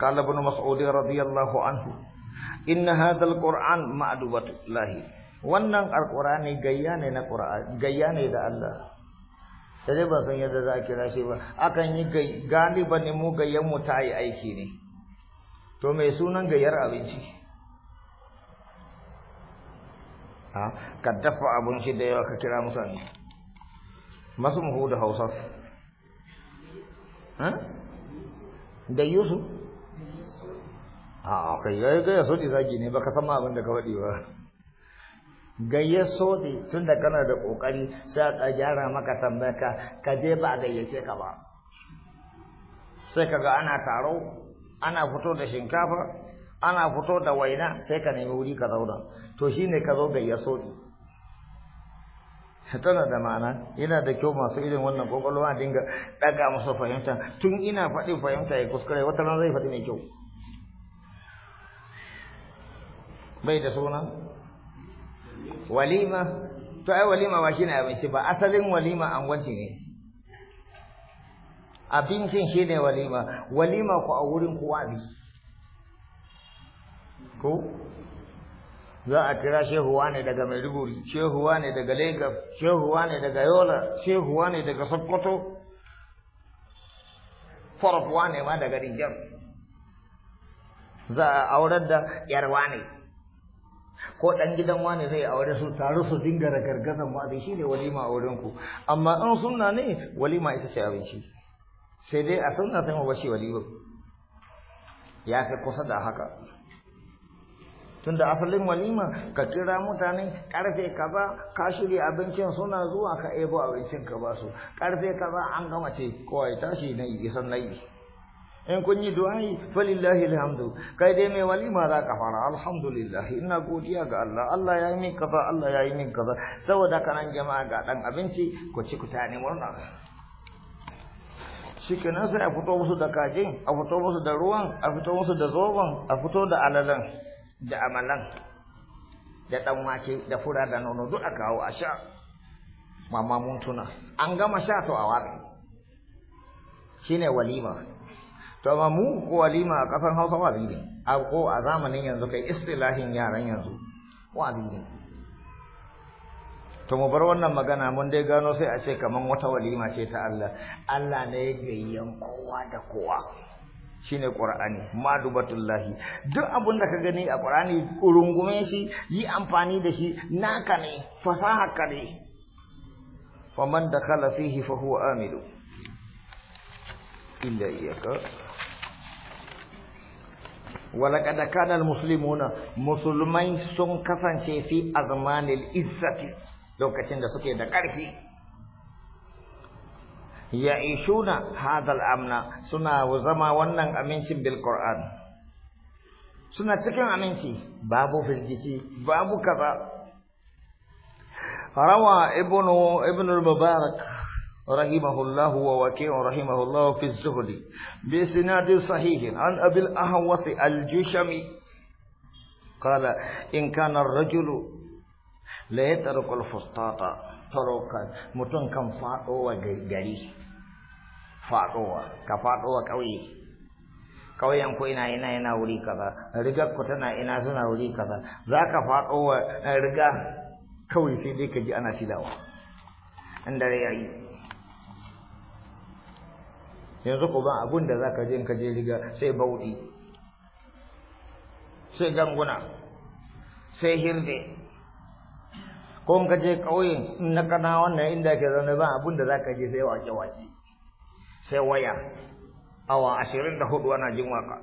S1: قال ابن مسعود رضي الله عنه إن هذا القرآن معدوبة الله wannan alqur'ani gayya ne na qur'ani gayya ne da Allah sai ba san yadda za a kira shi ba akan yi galiba ne mu gayyan mu ta yi aiki ne to mai sunan gayyar abinci ka dafa abun shi da yawa ka kira mutane masu muhu da hausa da yusu a kai ya yi gaya soɗi zagi ne baka sama abin da ka faɗi ba gayyar Soti, tun da kana da ƙoƙari sai a gyara maka tambaya ka je ba gayyace ka ba sai ka ga ana taro ana fito da shinkafa ana fito da waina sai ka nemi wuri ka zauna to ne ka zo ga yasoki tana da ma'ana yana da kyau masu irin wannan kwakwalwa a dinga daga masa fahimta tun ina faɗi fahimta ya kuskure wata ran zai faɗi mai kyau bai da suna walima to ai walima ba shine abinci ba asalin walima angwanci ne abincin shine walima walima ku a wurin kuwa ne? ko za a kira shehuwa ne daga Maiduguri, shehuwa ne daga Lagos, shehuwa ne daga Yola, shehuwa ne daga Sokoto, farfuwa ne ma daga rigar Za a aurar da yarwa ne, ko ɗan gidan wane zai aure su taru su dinga da gargazan wa'azi shi ne walima a wurinku amma in sunna ne walima ita ce abinci, sai dai a sunna sai mu bashi walima. Ya fi kusa da haka. tunda asalin walima ka kira mutane karfe kaza ka shirya abincin suna zuwa ka ebo abincin ka basu. karfe kaza an gama ce kawai tashi na yi isan na yi in kun yi du'ai falillahi alhamdu kai dai mai walima za ka fara alhamdulillah ina godiya ga Allah Allah ya yi min kaza Allah ya yi min kaza saboda kanan jama'a ga dan abinci ku ci ku tani murna shikenan sai a fito musu da kajin a fito musu da ruwan a fito musu da zoban a fito da alalan da amalan da ɗan wake da fura da nono duk a kawo a sha mamma mun tuna an gama sha to a Shi shine walima to amma mu ko walima a kafan Hausa wazi ne a ko a zamanin yanzu kai istilahin yaran yanzu wazi ne to mu bar wannan magana mun dai gano sai a ce kaman wata walima ce ta Allah Allah ne ya gayyan kowa da kowa shine qur'ani madubatullahi duk abun da ka gani a qur'ani rungume shi yi amfani da shi naka ne fasaha ka ne man dakhala fihi fa huwa amilu illa iyaka kana al muslimuna musulmai sun kasance fi azmanil izzati lokacin da suke da ƙarfi ya'ishuna hadal amna suna zama wannan amincin bil qur'an suna cikin aminci babu firgici babu kaza rawa ibnu ibnu mubarak rahimahullah wa waqi' rahimahullah fi az bi sanad sahih an abi al-ahwas al-jushami قال إن كان الرجل لا يترك الفسطاط taro mutum kan faɗowa gari faɗowa ka faɗowa ƙauye ƙauyen ko ina ina yana wuri kaza rigar ku tana ina suna wuri kaza za ka faɗowa eh, riga kawai sai dai ka ji ana shidawa in dare ya yi yanzu ku ban abun da za ka je in ka je riga sai bauɗi sai ganguna sai hirde ko in ka je ƙauye na kana wannan inda ke zaune ba abin da zaka je sai wake wake sai waya awa ashirin da hudu ana jin waka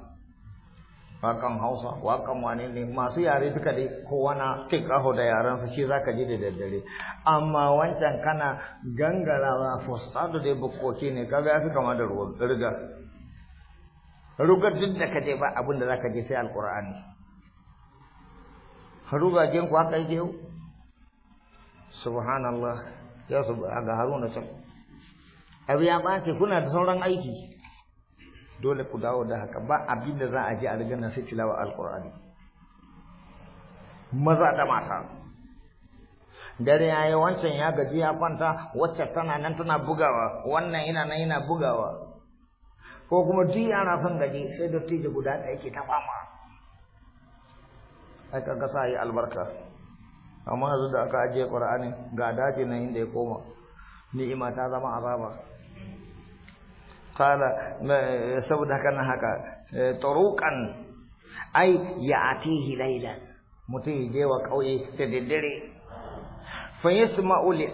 S1: wakan hausa wakan wani ne masu yare duka dai kowa na kin kaho da yarensa shi zaka ji da daddare amma wancan kana gangarawa fostado da bukoki ne kaga ya fi kama da ruwan riga rugar duk da kaje ba abin da zaka je sai alqur'ani haruga jin ku haka yau subhanallah ya su ga haruna can abu ya ɓace kuna da sauran aiki dole ku dawo da haka ba abin da za a ji a rigar nan sai tilawa alƙur'ani maza da mata dare ya yi wancan ya gaji ya kwanta wacce tana nan tana bugawa wannan ina nan ina bugawa ko kuma duk yara son gaji sai dattijo guda ɗaya ke ta fama aka kaga yi albarka amma yanzu da aka ajiye ƙur'anin ga daji na inda ya koma ni'ima ta zama azaba qala saboda haka na haka eh, turuqan ai ya'tihi hilaila mutum je wa ƙauye da daddare fa yasma'u li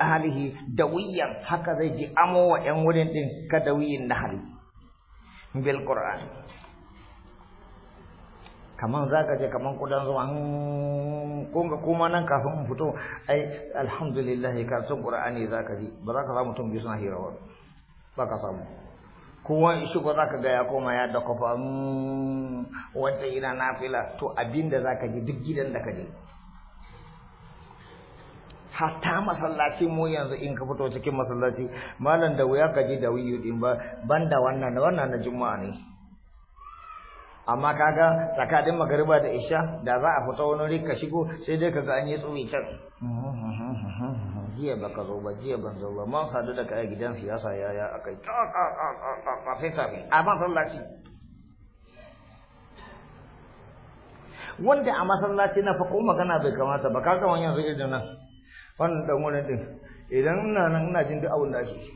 S1: da wiyan haka zai ji amowa wa yan wurin ɗin, ka da na hali. bil ƙwar'ani kaman za ka je kaman kudan zuwa kunga kuma nan kafin fito ai alhamdulillah san qur'ani za ka ji ba za ka samu mutum biyu suna hira ba ba ka samu kowa shi ko za ka ga ya koma ya da kofa hmm, wancan ina nafila to abinda za ka ji duk gidan da ka je hatta masallaci mu yanzu in ka fito cikin masallaci malam da wuya ka ji da wuyu din ba banda wannan wannan na juma'a ne amma kaga tsakanin magariba da isha da za a fita wani rik ka shigo sai dai kaga an yi tsuri can jiya baka zo ba jiya ban zo ba man sadu da kai gidan siyasa ya akai ta ta ta ta sai ta a masallaci wanda a masallaci na fa ko magana bai kamata ba kaga wani yanzu irin nan wannan dan wani din idan ina nan ina jin duk abin da ake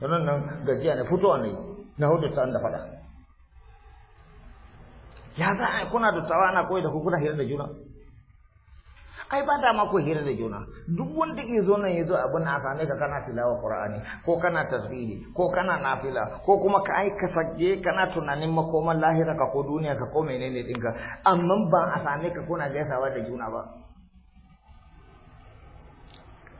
S1: sanan nan gajiya ne fitowa ne na hudu ta da faɗa ya za a kuna da tsawa ana koyi da ku kuna hira da juna ai ba dama ku hira da juna duk wanda ke zo nan ya zo abin a same ka kana tilawa qur'ani ko kana tasbihi ko kana nafila ko kuma ka ai ka sage kana tunanin makoman lahira ka ko duniya ka ko menene dinka amma ba a same ka kuna gaisawa da juna ba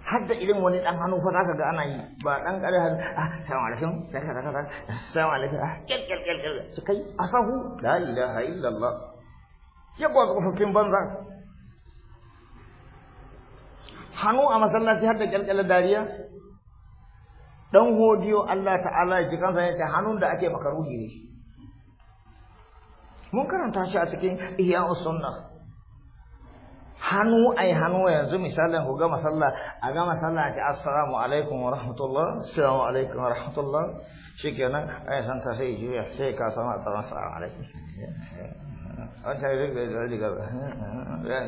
S1: har da irin wani dan hannu fa ka ga ana yi ba dan kare hannu ah assalamu alaikum zaka zaka assalamu alaikum ah kel kel kel kel su kai asahu la ilaha illallah ya ba ku fakin banza hannu a masallaci har da kyalkyalar dariya dan hodiyo Allah ta'ala ya ji kansa ya ce hannun da ake makaruhi ne mun karanta shi a cikin ihya'us sunnah
S2: hannu ai hannu yanzu
S1: misalin ku gama sallah a gama sallah ta assalamu alaikum wa rahmatullah assalamu alaikum wa rahmatullah shikenan ai san ta sai juya sai ka san assalamu alaikum an sai da da da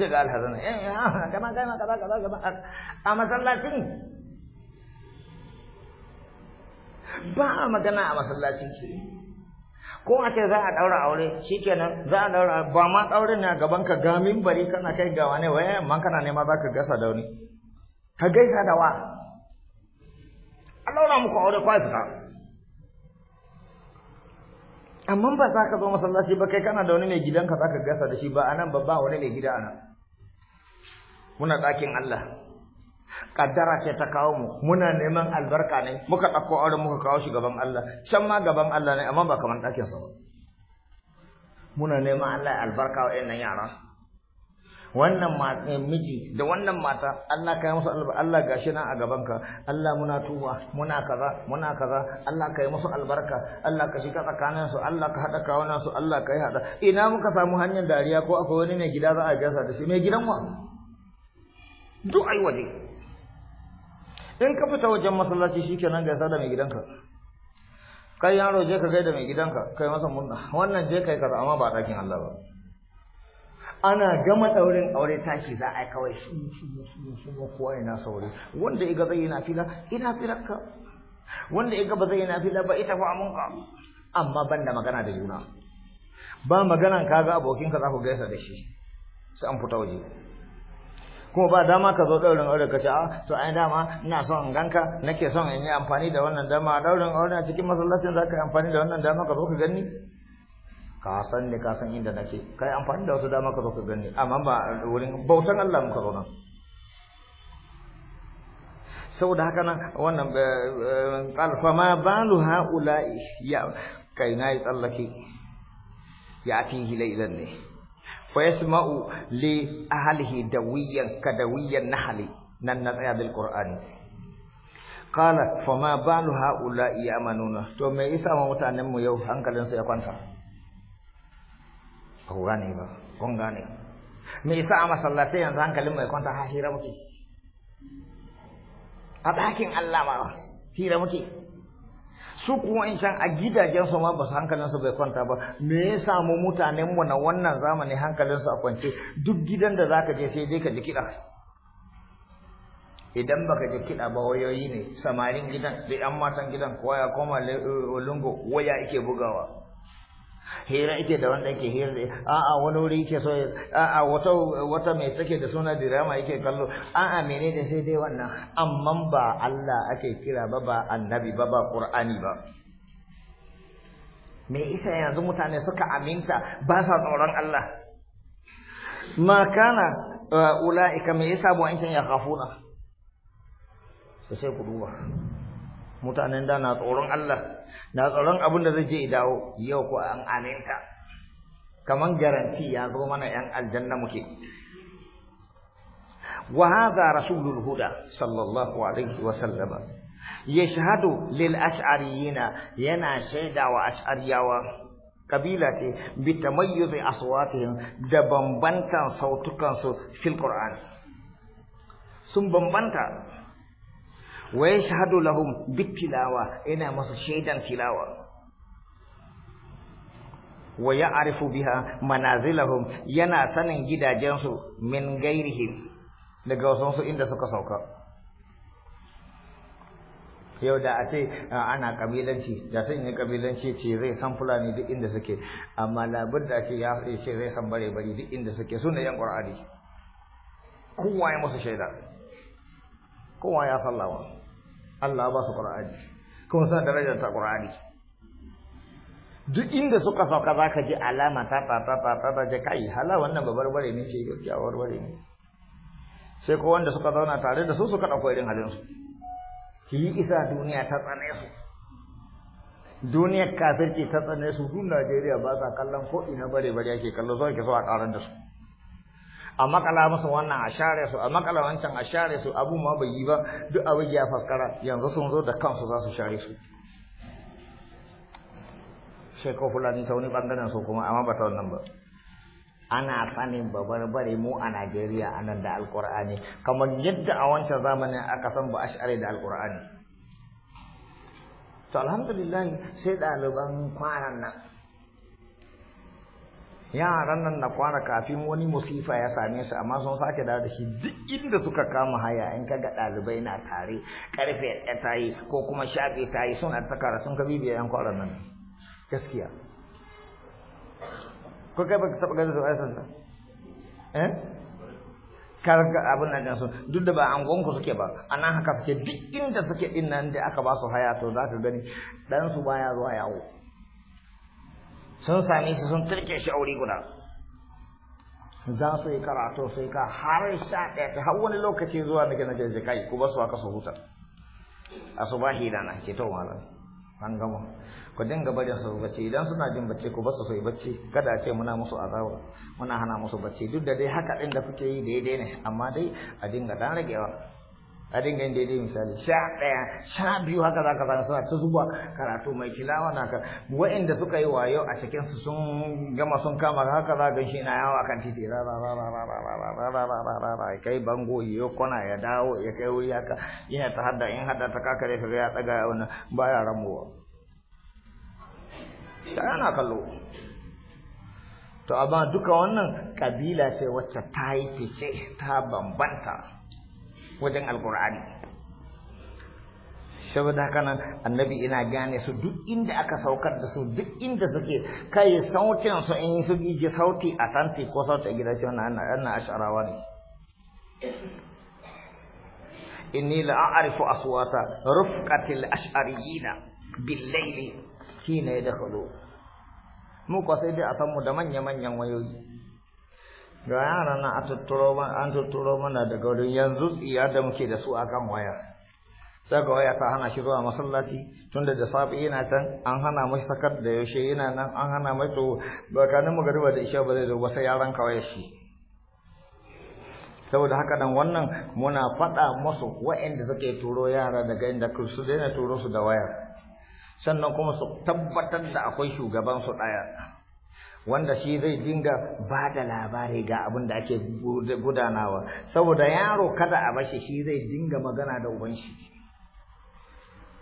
S1: sai ga alhazan eh gama gama kaza kaza gama a masallacin ba magana a masallacin ko a ce za a daura aure shikenan za a daura ba ma ne a gaban ka ga bari kana kai gawa ne waya man kana nema za ka gasa dauni ka gaisa da wa an daura muku aure kwai fita amma ba za ka zo masallaci ba kai kana da wani mai gidanka za ka gasa da shi ba anan ba ba wani mai gida anan muna ɗakin Allah kaddara ce ta kawo mu muna neman albarka ne muka ɗauko auren muka kawo shi gaban Allah can ma gaban Allah ne amma ba kamar ɗakin sa ba muna neman Allah ya albarka wa ƴan yara wannan eh, miji da wannan mata Allah kai musu albarka Allah gashi nan a ka Allah muna tuba muna kaza muna kaza Allah kai musu albarka Allah ka shiga tsakanin su Allah ka hada kawunan su Allah kai hada ina muka samu hanyar dariya ko akwai wani ne gida za a gasa da shi mai gidan wa duk ai waje in ka fita wajen masallaci shikenan gaisa da mai gidanka kai yaro je ka gaida mai gidanka kai masa murna wannan je kai kaza amma ba dakin Allah ba ana gama daurin aure tashi za a kawai shi shi shi shi kowa ina sauri wanda iga zai yana fila ina filarka wanda iga ba zai yana fila ba ita mun amunka amma banda magana da juna ba maganan kaga abokinka za ku gaisa da shi sai an fita waje ko ba dama ka zo daurin aure ka ce a ah, to ai dama ina son in ganka nake son in yi amfani da wannan dama daurin aure a cikin masallacin zaka yi amfani da wannan dama ka zo ka ganni ka san ne ka san inda nake kai amfani da wasu dama ka zo ka ganni amma ba wurin bautan Allah muka zo nan saboda haka nan wannan kalfa eh, eh, ma balu haula'i ya kai na yi tsallake ya fi hilailan ne fa yasma'u li ahlihi dawiyan kadawiyan nahli nan na tsaya bil qur'ani qala fa ma balu haula amanuna. to me isa ma mutanen mu yau hankalin su ya kwanta ko gane ba kun gane me isa a masallatai yanzu hankalin mu ya kwanta ha hira muke a dakin Allah ma hira muke su kuma in shan a gidajensu ma ba su hankalinsu bai kwanta ba me ya samu mu na wannan zamani hankalinsu a kwance duk gidan da zaka je sai dai ka ji kiɗa idan baka ji kiɗa ba wayoyi ne samarin gidan da 'yan matan gidan kowa ya koma eh, lungo waya ike bugawa hira ike da wanda yake hira da a'a wani wuri yake so a'a wata wata mai take da suna dirama yake kallo a'a menene sai dai wannan amma ba Allah ake kira ba ba annabi ba ba qur'ani ba me isa yanzu mutane suka aminta ba sa tsoron Allah ma kana eh, ula'ika me yasa bu an ya kafuna sai ku duba mutanen da na tsoron Allah na tsoron abin da zai je dawo yau ko an aminta kaman garanti ya zo mana yan aljanna muke wa hadha rasulul huda sallallahu alaihi wa sallama yashhadu lil ash'ariyina yana shaida wa ash'ariyawa kabila ce bi tamayyuzi aswatihim da bambantan sautukansu fil qur'an sun bambanta wa shahadu lahum tilawa ina masa shaidan tilawa wa ya'rifu biha manazilahum yana sanin gidajensu min gairihim daga wasansu inda suka sauka yau da a ce ana kabilanci da sun yi kabilanci ce zai san fulani duk inda suke amma labar da ce ya ce zai san bare bari duk inda suke su ne yan qur'ani kowa ya musu shaida kowa ya sallama Allah ba su Qur'ani kuma suna darajar ta Qur'ani duk inda suka sauka zaka ji alama ta ta ta ta ta ta kai hala wannan babar bare ne ce gaskiya barbare ne sai ko wanda suka zauna tare da su suka dauko irin halin su ki yi isa duniya ta tsane su Duniya kafirci ta tsane su duk Najeriya ba sa kallon ko ina bare bare yake kallo zo ke so a karar da su a makala masa wannan a share su a makala wancan a share su abu ma bai yi ba duk abin ya faskara yanzu sun zo da kansu za su share su sai fulani ta wani bangaren su kuma amma ba ta wannan ba ana sanin bare mu a Najeriya a nan da Alƙur'ani kamar yadda a wancan zamanin aka san ba ash'ari da Alƙur'ani to alhamdulillah sai ɗaliban kwanan nan yaran nan na kwana kafin wani musifa ya same su amma sun sake dawo da shi duk inda suka kama haya in ka ga ɗalibai na tare karfe ɗaya ta yi ko kuma shafe ta yi suna ta sun ka bibiya yan kwaran nan gaskiya ko kai baka taɓa da zuwa sa eh karga abin nan su duk da ba angon ku suke ba anan haka suke duk inda suke din nan da aka ba su haya to za ka gani dan su baya zuwa yawo sun same su sun turke shi aure guda za su yi karatu sai ka har sha ɗaya ta har wani lokaci zuwa nake na jirgin kai kuma su aka su hutar a su ba shi na ce to malam an gama ku dinga barin su bacci idan suna jin bacci ku basu su yi bacci kada ce muna musu azawa muna hana musu bacci duk da dai haka ɗin da kuke yi daidai ne amma dai a dinga dan ragewa a dinga yin daidai misali sha ɗaya sha biyu haka za ka zana suna ta zuba karatu mai tilawa na ka wa'inda suka yi wayo a cikin su sun gama sun kama haka za gan shi na yawa kan titi ra ra ra ra ra ra ra ra ra ra ra ra ra kai bango ya kona ya dawo ya kai wuri haka yana ta hada in hadda ta kakare ka ya tsaga ya wannan baya ramuwa da yana kallo to amma duka wannan kabila ce wacce ta yi fice ta bambanta wajen alkur'ani saboda haka nan annabi ina gane su duk inda aka saukar da su duk inda suke kai sautin su in su ji sauti a tanti ko sauti a gida ce wannan ana asharawa ne inni la a'rifu aswata rufqatil ash'ariyina bil layli kina yadkhulu mu ko sai dai a san mu da manya manyan wayoyi ga yara na a tutturo an tutturo mana da wurin yanzu tsiya da muke da su akan waya sai ga waya ta hana shi zuwa masallaci tunda da safe yana can an hana mai sakar da yaushe yana nan an hana mai to bakanin magariba da isha ba zai zo ba sai yaran kawai shi saboda haka nan wannan muna faɗa musu wa'anda suke turo yara daga inda su daina turo su da waya sannan kuma su tabbatar da akwai shugaban su ɗaya wanda shi zai dinga ba da labari ga abin da ake gudanawa saboda yaro kada a bashi shi zai dinga magana da uban shi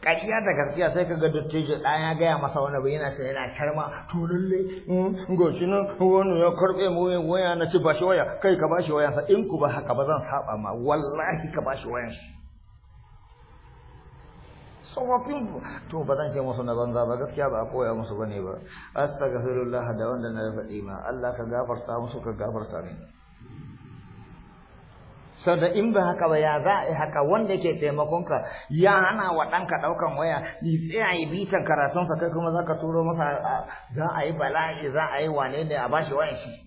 S1: ƙarya da gaskiya sai kaga dattijo ɗan ya gaya masa wani abu yana cewa yana karma to lalle mm, nan wani ya karɓe mu waya na ci ba shi waya kai ka ba wayansa in ku ba haka ba zan saba ma wallahi ka ba shi wayansa tsofaffin to ba zan ce musu na banza ba gaskiya ba a koya musu ba ne ba astaghfirullah da wanda na faɗi ma Allah ka gafarta musu ka gafarta ne sau da in ba haka ba ya za a yi haka wanda ke taimakonka ya hana wa ɗanka ɗaukan waya ni tsaya yi bitan karatunsa kai kuma za ka turo masa za a yi bala'i za a yi wane ne a bashi wayan shi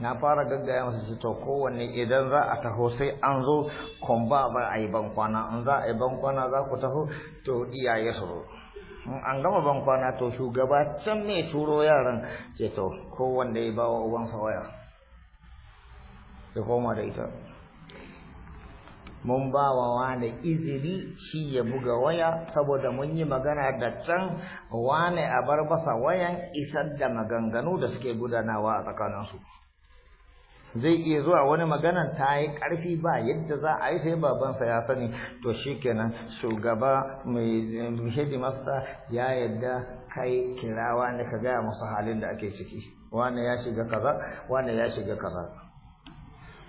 S1: na fara gaggaya masu su to kowanne idan za a taho sai an zo kwamba za a yi bankwana in za a yi bankwana za ku taho to iyaye su in an gama bankwana to shugaba can mai turo yaran ce to kowanne ya bawa ubansa waya ya koma da ita mun ba wa wane izini shi ya buga waya saboda mun yi magana da can wane a bar masa wayan isar da maganganu da suke gudanawa a tsakaninsu. zai iya zuwa wani maganan ta yi ƙarfi ba yadda za a yi sai babansa ya sani to shikenan shugaba mai hidimasta ya yadda kai kirawa ne ka gaya musu halin da ake ciki wani ya shiga kaza wani ya shiga kaza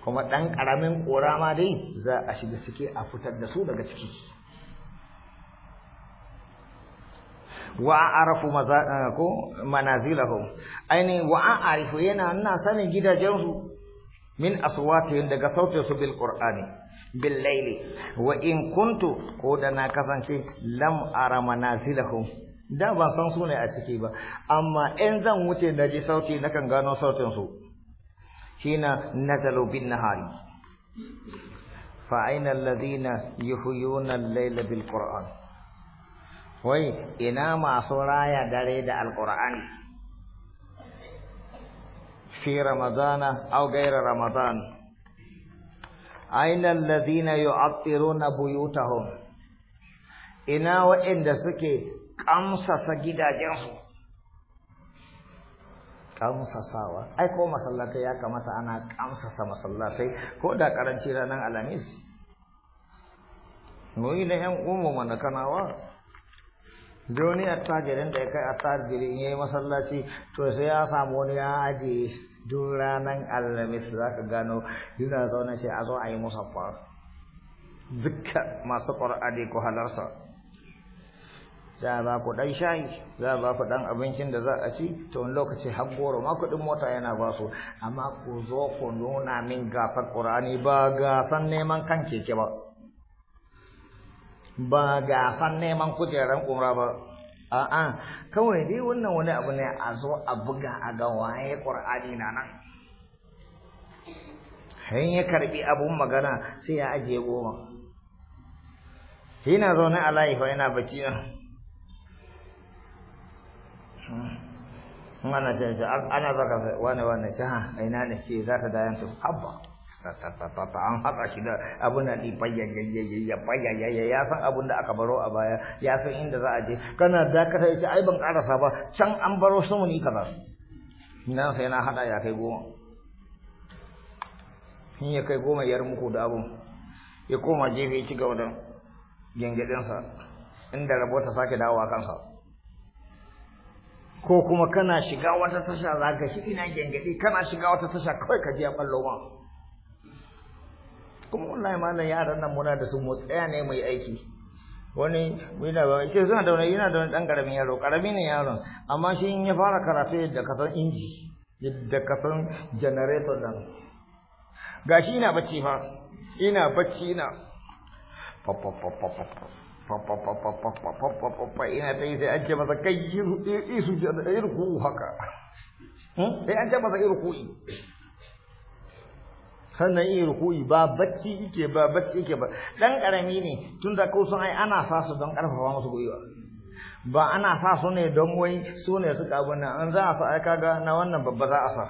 S1: kuma ɗan ƙaramin ƙora ma dai za a shiga ciki a fitar da su daga ciki wa arafu manazilahum ainihin wa arifu yana nan sanin gidajensu min aswatihim daga sautin su bil qur'ani bil laili wa in kuntu ko da na kasance lam ara manazilahum da ba san su ne a ciki ba amma in zan wuce na ji sauti kan gano sautin su hina nazalu bin nahari fa aina alladhina yuhyuna al laila bil qur'an wai ina masu raya dare da alqur'ani في رمضان أو غير رمضان أين الذين يعطرون بيوتهم إنا وإن دسكي قمسة سجدة جنسو kamsasawa ai ko masallatai ya kamata ana kamsasa masallatai ko da karanci ranar alhamis muyi na yan umu mana kanawa doni attajirin da ya kai attajirin ya yi masallaci to sai ya samu wani ya ajiye duk ranar alhamis za ka gano yana zaune ce a zo a yi musaffa dukkan masu ƙwar'ani ko halarsa za a ba ku ɗan shayi za ba ku ɗan abincin da za a ci ta wani lokaci har goro ma mota yana ba su amma ku zo ku nuna min gasar ƙur'ani ba gasar neman kan keke ba ba gasan neman kujeran ƙura ba a'a kawai dai wannan wani abu ne a zo a buga a ga waye qur'ani na nan har ya karbi abun magana sai ya ajiye goma yana zaune a layi fa yana baki ana ce ana zaka wane wane ta ha ina ne ce za ta dayan su habba ta ta ta an haɗa shi da abin da ɗifayyayyayyayyayyayyayya ya san abin da aka baro a baya ya san inda za a je kana dakata ya ce ai ban ƙarasa ba can an baro samu ni kaza nan sai na haɗa ya kai goma in ya kai goma yar muku da abu ya koma jefe ya ci gaba da gyangyaɗinsa inda rabo ta sake dawowa kansa ko kuma kana shiga wata tasha za ka shi ina gyangyaɗi kana shiga wata tasha kawai ka je a ɓallo ma kuma wallahi malam yaran nan muna da su mu tsaya ne mai aiki wani wina ba shi suna da wani yana da wani dan karamin yaro karami ne yaron amma shi in ya fara karatu yadda ka san inji yadda ka san generator dan gashi ina bacci fa ina bacci ina ina ta yi sai an ce masa kai irku haka sai an ce masa irku sannan iya ruku'i ba bacci yake ba bacci yake ba dan karami ne tun da kusan ai ana sa su don karfafa musu gwiwa ba ana sa su ne don wai su ne su abu nan an za a sa aika kaga na wannan babba za a sa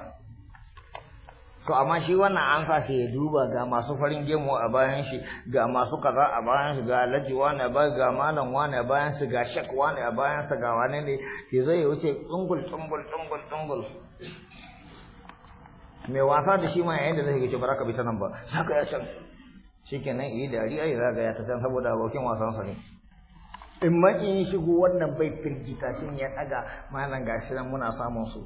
S1: to amma shi wannan an sa shi ya duba ga masu farin gemu a bayan shi ga masu kaza a bayan shi ga alhaji wani ba ga malam wani a bayan shi ga shek wani a bayan shi ga wani ne ke zai wuce tsungul tsungul tsungul tsungul mai wasa da shi ma yayin da zai ga cewa baraka ka sanan ba saka ya can shikenan yi dariya ya zaga ya ta can saboda abokin wasansa ne in ma in shigo wannan bai firgita shi ya daga malam gashi nan muna samun su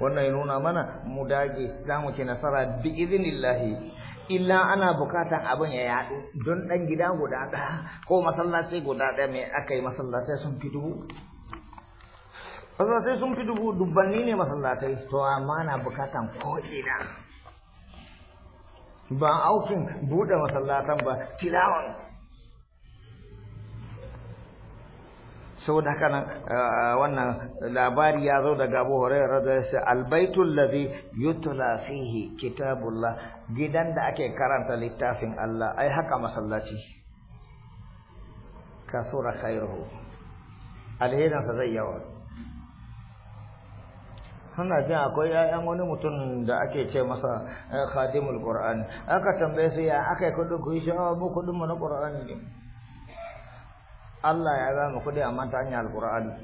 S1: wannan ya nuna mana mu dage za mu ci nasara bi iznillahi illa ana bukatan abin ya yaɗu don ɗan gida guda ɗaya ko masallaci guda ɗaya mai aka yi masallacai sun fi dubu sai sun fi dubu dubbanni ne masallatai to amma na bukatan ko'ina ba aukin buɗe masallatan ba tilawan saboda haka eh, wannan labari ya zo daga Abu Hurairah radiyallahu albaitu allazi yutla fihi kitabullah gidan da ake karanta littafin Allah ai haka masallaci Ka kasura khairuhu alherinsa zai yawa Suna jin akwai ‘ya'yan wani mutum da ake ce masa eh, khadimul Qur'ani, aka tambaye su ya aka yi kudin ku yi oh, mu kuɗin mu na Qur'ani ne. Allah ya ba mu kuɗi amma ta hanyar Qur'ani.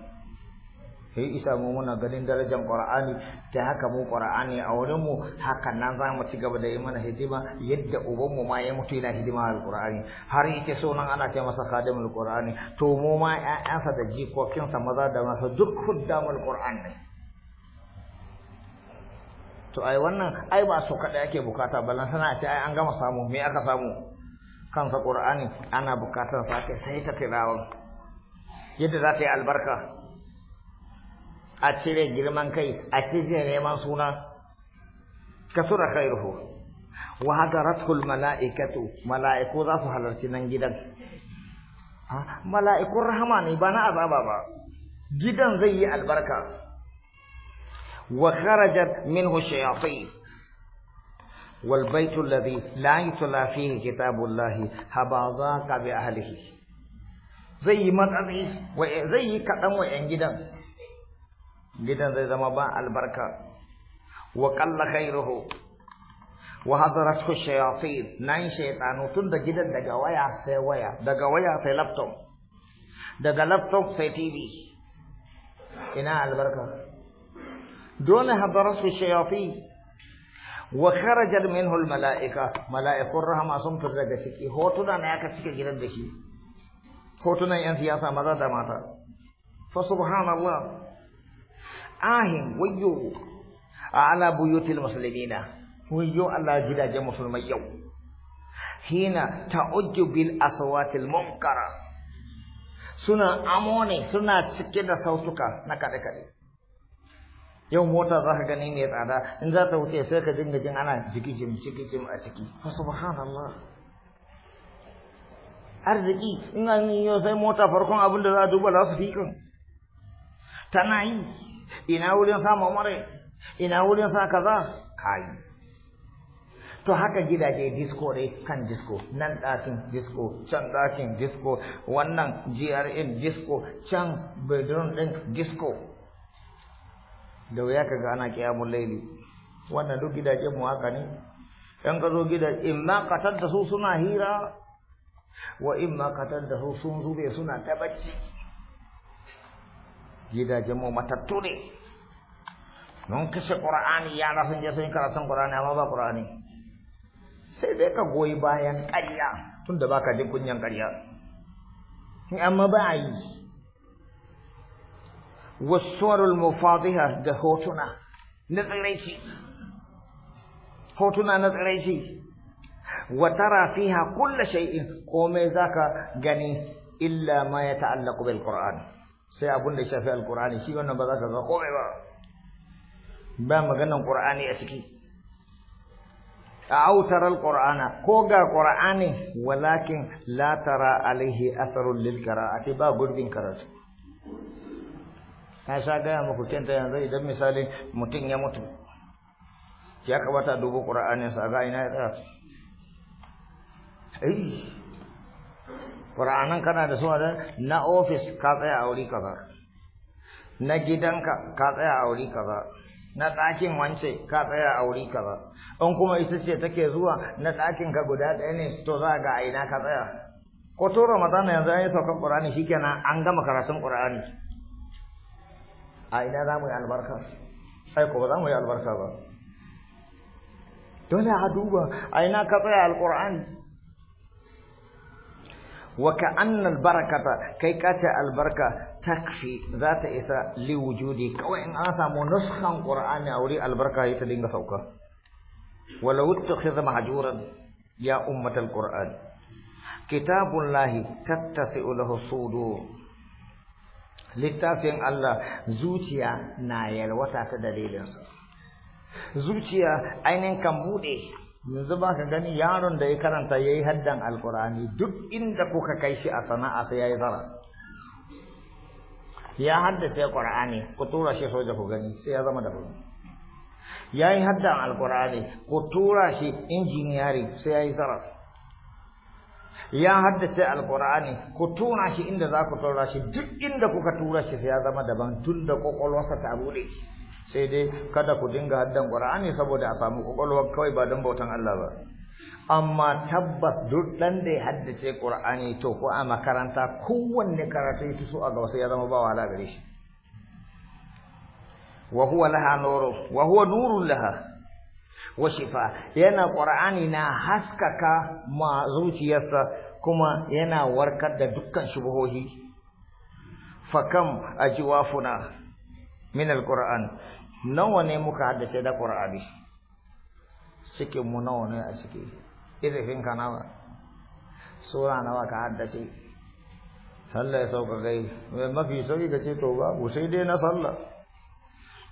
S1: Sai isa mu muna ganin darajar Qur'ani ta haka mu Qur'ani a wurin mu haka nan za mu ci gaba da yi mana hidima yadda uban mu ma ya mutu yana hidima al Qur'ani har yake so nan ana ce masa khadimul Qur'ani to mu ma ƴaƴansa da jikokinsa maza da masa duk huddamul Qur'ani ne. to ai wannan ai ba so kada ake bukata balan sana ce ai an gama samu me aka samu kansa qur'ani ana bukatar sa kai sai ta tilawa yadda za ta yi albarka a cire girman kai a cire neman suna kasura khairuhu wa hadaratul malaikatu malaiku za su halarci nan gidan ah, mala'ikun rahama ne ba na azaba ba gidan zai yi albarka وخرجت منه الشياطين والبيت الذي لا يتلى فيه كتاب الله هبا ذاك بأهله زي ما وزي كتم وإن جدا جدا زي ما البركة وقل خيره وحضرته الشياطين نين شيطان تند جدا دقا ويا سي ويا دقا ويا سي لابتوب دقا لابتوب سي تي إنا البركة dole hadaratu shayafi wa kharajar minhul mala'ika mala'ikun rahama sun fita daga ciki hotuna na yaka cike gidan da shi hotunan yan siyasa maza da mata fa subhanallah ahin wayyo ala buyutil muslimina wayyo Allah gidajen musulmai yau hina ta'ujju bil aswatil munkara suna amone suna cike da sautuka na kade kade yau mota za ka gani mai tsada in za ta wuce sai ka dinga jin ana jikijim jikijim a ciki fa subhanallah arziki in an yi yau sai mota farkon abin da za a duba za su kan tana yi ina wurin sa mamare ina wurin sa kaza kayi to haka gidaje disco ne kan disco nan ɗakin disco can ɗakin disco wannan grn disco can bedroom ɗin disco da wuya ka ga ana kiyamun laili wannan duk gidaje mu haka ne dan ka zo gidan imma katar da su suna hira wa imma katar da su sun zube suna ta bacci gidajen mu matattu ne mun kashe qur'ani ya na sun je sun karatun qur'ani amma ba qur'ani sai dai ka goyi bayan ƙarya tunda baka jin kunyan ƙarya amma ba a yi wasuwarul mufadiha da hotuna na tsiraici hotuna na tsiraici wa tara fiha kullu shay'in komai zaka gani illa ma yata'allaqu bil qur'an sai abun da ya shafi alqur'ani shi wannan ba komai ba ba a ciki أو ترى القرآن كوغا قرآن ولكن لا ترى عليه أثر للقراءة با karatu. na sha gaya muku kenta yanzu idan misali mutum ya mutu ya kamata dubu ƙura'aninsa a ga ina ya tsaya ƙura'anin kana da suna da na ofis ka tsaya a wuri kaza na gidanka ka tsaya a wuri kaza na ɗakin wance ka tsaya a wuri kaza in kuma ita ce take zuwa na ɗakinka ka guda ɗaya ne to za ga a ina ka tsaya ko to ramadana yanzu an yi saukan ƙur'ani shikenan an gama karatun ƙur'ani a ina za mu yi albarka ai ko ba za mu yi albarka ba dole a duba a ina ka tsaya alqur'ani wa ka anna albarakata kai ka ce albarka takfi za ta isa li wujudi kawai in an samu nuskan qur'ani a wuri albarka ya ta dinga sauka walau tukhidha mahjuran ya ummatal qur'an kitabun lahi tattasi'u lahu sudur littafin Allah zuciya na yalwata ta dalilinsa zuciya ainihin kan buɗe yanzu ba ka gani yaron da ya karanta ya yi haddan alkurani duk inda kuka kai shi a sana'a sai ya yi zara ya haddace ƙur'ani ku tura shi soja ku gani sai ya zama da ya yi haddan alkurani ku tura shi injiniyari sai ya yi zarar ya haddace alqur'ani ku tura shi inda za ku tura shi duk inda kuka tura shi sai ya zama daban tun da kokolwarsa ta bude sai dai kada ku dinga haddan qur'ani saboda a samu kokolwar kawai ba don bautan Allah ba amma tabbas duk dan da ya haddace qur'ani to ko a makaranta kowanne karatu yake so a ga sai ya zama ba wahala gare shi wa huwa laha nuru wa huwa nurul laha wa shifa yana qur'ani na haskaka ma zuciyarsa kuma yana warkar da dukkan shubuhohi fakam ajwafuna min alquran nawa ne muka haddace da qur'ani Cikinmu mu nawa ne a ciki irfin ka nawa sura nawa ka haddace sallah ya sauka gai mafi sauki ka ce to babu sai dai na sallah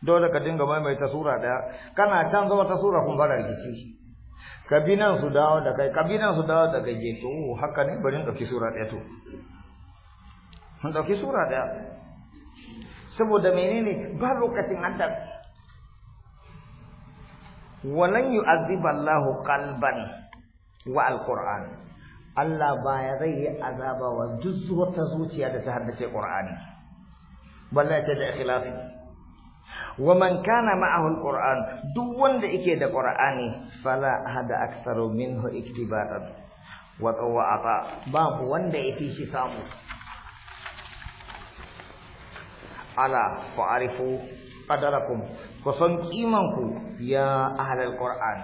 S1: dole ka dinga maimaita sura daya kana can wata ta sura kun fara rikici kabinan su dawo da kai kabinan su dawo da kai je to oh, haka ne bari ɗauki sura ɗaya to mun ɗauki sura ɗaya saboda menene ba lokacin haddar walan yu'azzib Allahu qalban wa alquran Allah baya zai yi azaba wa duk wata zuciya da ta haddace Qur'ani balle ce da ikhlasi wa man kana ma'ahul quran duk wanda yake da qur'ani fala hada aktsaru minhu iktibaran wa tawata babu wanda yafi shi samu ala fa'arifu qadarakum kusan kimanku ya ahlul qur'an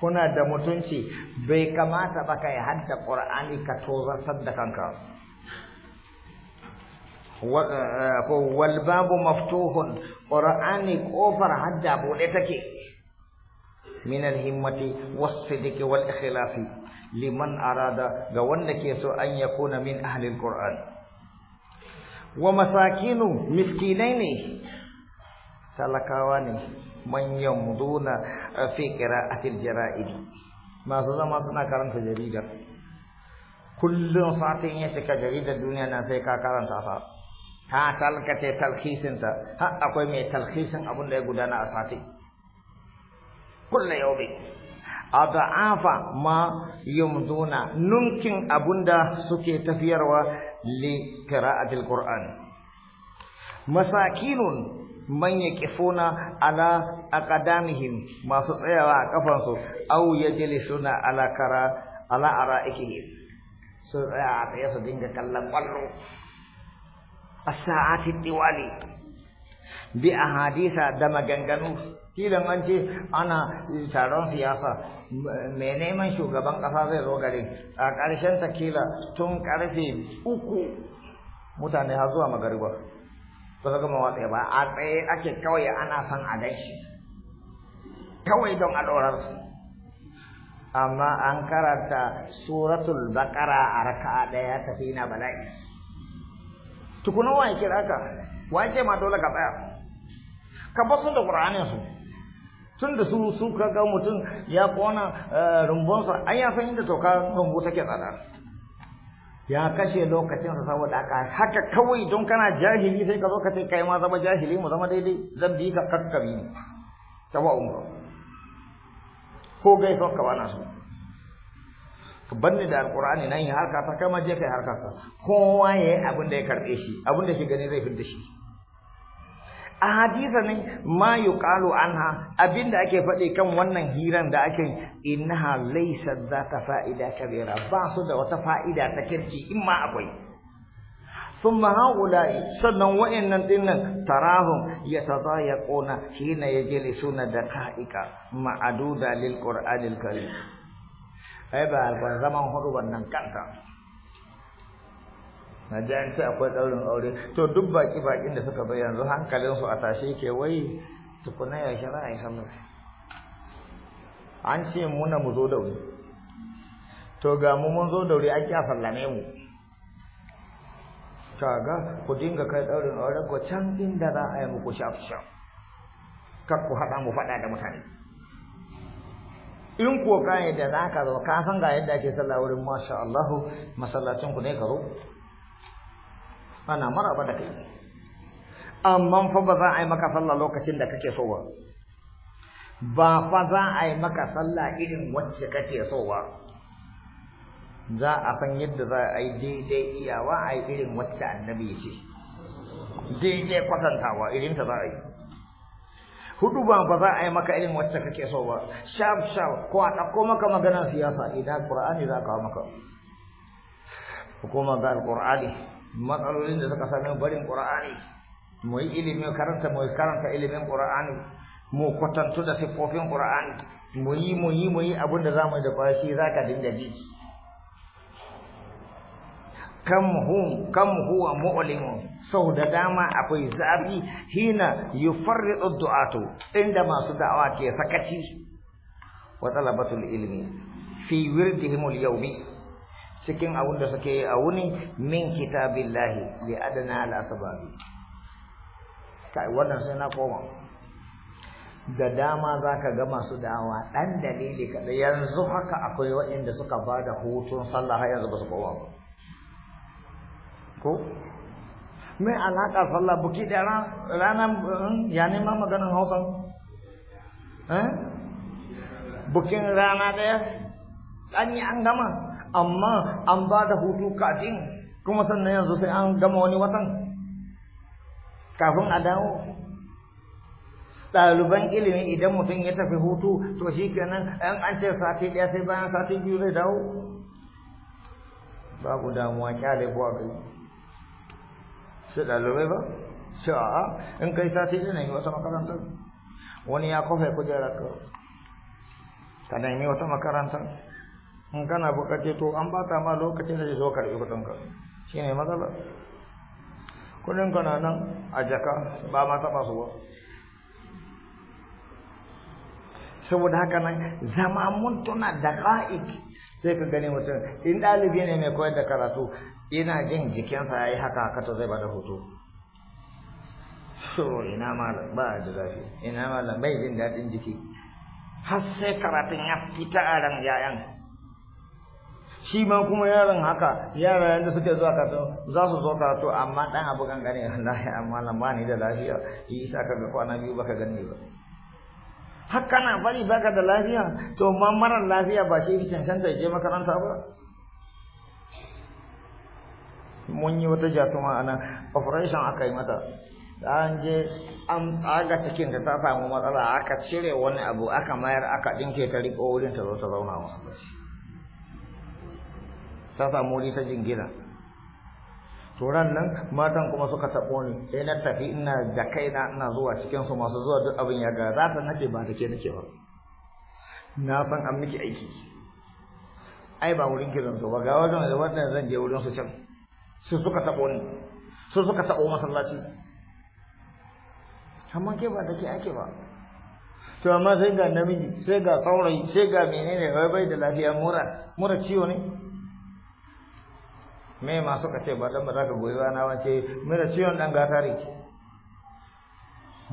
S1: kuna da mutunci bai kamata ba kai hadda qur'ani ka tozar da kanka آه، آه، والباب مفتوح قرآن كوفر حد لتك من الهمة والصدق والإخلاص لمن أراد جوانك يسوع أن يكون من أهل القرآن ومساكين مسكينين talakawa من يمضون في قراءة الجرائد ما سوزا ما سنا jaridar kullum كل ساعتين shiga jaridar duniya ناسيكا sai ka ta talkace ta har akwai mai talhisin abin da ya gudana a sati kulla A da'afa ma yumduna nunkin da suke tafiyarwa li qira'atil qur'an masakinun man yaqifuna ala aqdamihim masu tsayawa a kafansu au yajlisuna ala kara ala ara'ikihim su tsaya a tsaye su dinga kallon ƙwallo. as-sa'ati tiwali bi ahadisa da maganganu kilan an ana taron siyasa mai neman shugaban kasa zai zo gari? a karshen ta tun karfe uku mutane har zuwa magariba ba za gama watsa ba a tsaye ake kawai ana san a gaishe kawai don a ɗorar amma an karanta suratul baqara a raka'a ɗaya tafi na bala'i tukuna wa kira ka wace ma dole ka tsaya ka basu da qur'anin su tun da su su kaga mutum ya kona eh, rumbunsa an ya san inda toka rumbu take tsada ya kashe sa saboda haka haka kawai don kana jahili sai ka zo ka ce kai ma zama jahili mu zama daidai zan bi ka kakkabi ta ba umma ko gaisuwa ka bana su banni da alqur'ani nan yi harka ta kama je kai harka ta kowa yayi abin da ya karɓe shi abin da shi gani zai fi shi a hadisa ne ma yuqalu anha abinda ake faɗi kan wannan hiran da ake Inna laysa zata fa'ida kabira ba su da wata fa'ida ta kirki in ma akwai thumma haula'i sannan wa'annan dinnan tarahum yatadayaquna hina yajlisuna daqa'iqa ma'aduda lil qur'anil karim ai ba ban zaman hudu wannan kanta na ji an ce akwai ɗaurin aure to duk baki bakin da suka zo yanzu hankalinsu a tashe ke wai tukuna yaushe za a yi an ce muna mu zo da wuri to ga mu mun zo da wuri an kya sallame mu kaga ku dinga kai ɗaurin aure ku can inda za a yi muku shaf shaf kar ku haɗa mu faɗa da mutane in ko ka yi da za ka zo ka san ga yadda ake sallah wurin masha Allahu masallacin ku ne ka zo mara ba da kai amma fa ba za a yi maka sallah lokacin da kake so ba ba fa za a yi maka sallah irin wacce kake so ba za a san yadda za a yi daidai iyawa a yi irin wacce annabi ce daidai kwatantawa irin ta za a yi hudu ba ba za a yi maka irin wacce kake so ba shaf shaf ko a ɗauko maka maganar siyasa idan qur'ani za ka maka hukuma ga Al-Qur'ani matsalolin da suka sami barin qur'ani mu yi ilimi karanta mu karanta ilimin qur'ani mu kwatantu da siffofin qur'ani mu yi mu yi mu yi abin da za mu yi da kwashi za ka dinga ji kam hum kam huwa sau da dama akwai zafi hina yufarridu du'atu inda masu da'awa ke sakaci wa talabatul ilmi fi wirdihim yawmi cikin abun da suke yi a wuni min kitabillahi li adana al-asbabi kai wannan sai na koma da dama za ka ga masu da'awa ɗan dalili kaɗai yanzu haka akwai waɗanda suka ba da hutun sallah yanzu ba su koma ba ko mai alaka sallah buki da ranar eh, ya ma maganin hausan eh? bukin rana ɗaya an yi an gama amma an ba da hutu kafin kuma sannan yanzu sai an gama wani watan kafin a dawo ɗaliban ilimi idan mutum ya tafi hutu to shi kenan ɗan an ce sati ɗaya sai bayan sati biyu zai dawo babu damuwa kyale gari su ɗalibai ba su a'a ah, ah. in kai sati zai nemi wata makarantar wani ya kofa kujerar ka ka nemi wata makarantar in kana bukace to an sama ma lokacin da zo karɓi kuɗinka shi ne matsala kuɗinka na nan a jaka ba ma bawa su ba saboda haka nan zama mun tuna da ka'ik sai ka gani ini in ɗalibi ne mai koyar da karatu ina jin jikinsa ya yi haka haka zai bada hoto so ina malam ba da zafi ina malam bai jin daɗin jiki har sai karatun ya fita a ran yayan shi ma kuma yaron haka yara yanda suke zuwa kasuwa za su zo karatu amma ɗan abu gangane wallahi <laughs> amma lamba ne ni da lafiya yi sa kaga kwana biyu baka gani ba Haka na bari baka da lafiya to ma lafiya ba shi cancanta ya je makaranta ba mun yi wata jatuma ana operation aka yi mata an je an tsaga cikin ta ta samu matsala aka cire wani abu aka mayar aka dinke ta riko wurin ta zo ta zauna a masallaci ta samu wuri ta jingina turan nan matan kuma suka tabo ni sai na tafi ina da kaina ina zuwa cikin su masu zuwa duk abin ya ga za ta nake ba da ke nake ba na san an miki aiki ai ba wurin kiran su ba ga wajen da wannan zan je wurin su can su suka taɓo ni su suka taɓo masallaci amma ke ba da ke ake ba to amma sai ga namiji sai ga saurayi sai ga menene wai bai da lafiya mura mura ciwo ne me ma suka ce ba dan ba za ka goyi na wace mura ciwon dan gata ne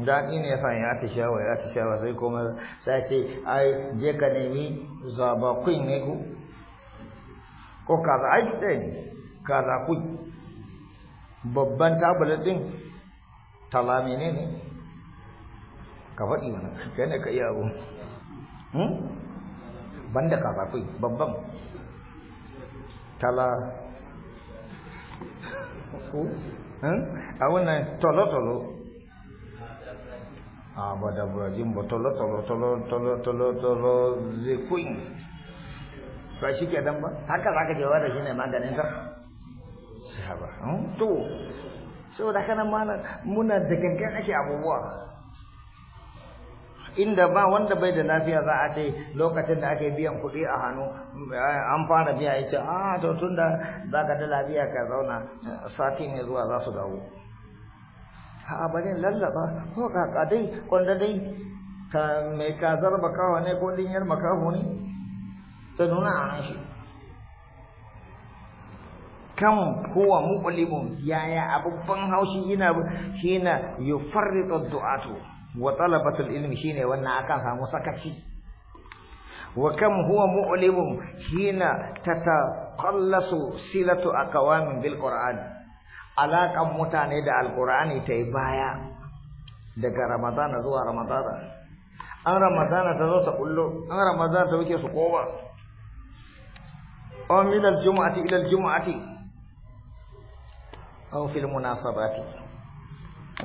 S1: dan ne yasa ya ta shawa ya ta shawa sai kuma sai ce ai je ka nemi zabakwin ne ku ko kaza ai dai ne karakui babban tablet din tala menene ka faɗi mana kai ne ka iya abu hmm? banda karakui babban tala ku a wannan tolo-tolo a ba da ba tolo-tolo tolo-tolo zai kuyi ba shi ke dan ba haka za ka jewa da shi ne maganin sa ha? ba hmm? to So haka nan mana muna da gangan ake abubuwa inda ba wanda bai da lafiya za a dai lokacin da ake biyan kuɗi a hannu eh, an fara biya ya ce ah to tunda da za ka da lafiya ka zauna eh, sati mai zuwa za su dawo a bari lallaba ko kaka dai kwanda dai ka mai kazar makawa ne ko dinyar makaho ne ta nuna a nan shi kam huwa muqlimun yaya abubban haushi yana shine yufarritu du'atu wa talabatul ilmi shine wannan akan samu sakaci wa kam huwa muqlimun shine tataqallasu silatu aqwamin bil qur'an alaƙan mutane da alƙur'ani ta yi baya daga ramadana zuwa ramadana an ramadana ta zo ta kullu an ramadana ta wuce su kowa an minal jumu'ati ilal jumu'ati أو في المناسبات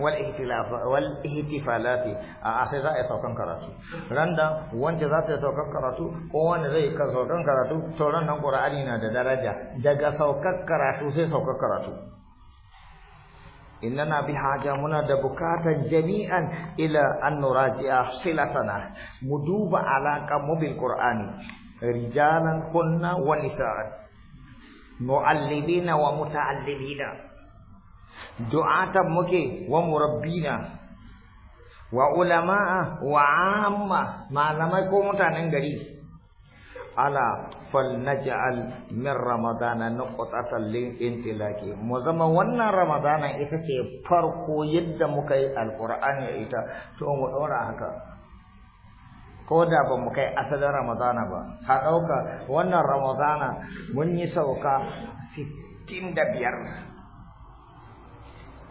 S1: والاهتلاف والاهتفالات أخي ذا يسوكن كراتو رندا وانت ذا يسوكن كراتو قوان ذا يسوكن كراتو تولن نقر علينا درجة دقا سوكن كراتو سي سوكن كراتو إننا بحاجة منا دبكاتا جميعا إلى أن نراجع صلتنا مدوب علاقة بالقرآن رجالا كنا ونساء معلمين ومتعلمين du'atan muke wa murabbina wa ulama'a wa amma malamai ko mutanen gari ala falja'al min ramadana nuqtatan lil intilaki mu zama wannan ramadana ita ce farko yadda muka yi alqur'ani ita to mu dora haka ko da ba mu kai asalin ramadana ba ha dauka wannan ramadana mun yi sauka 65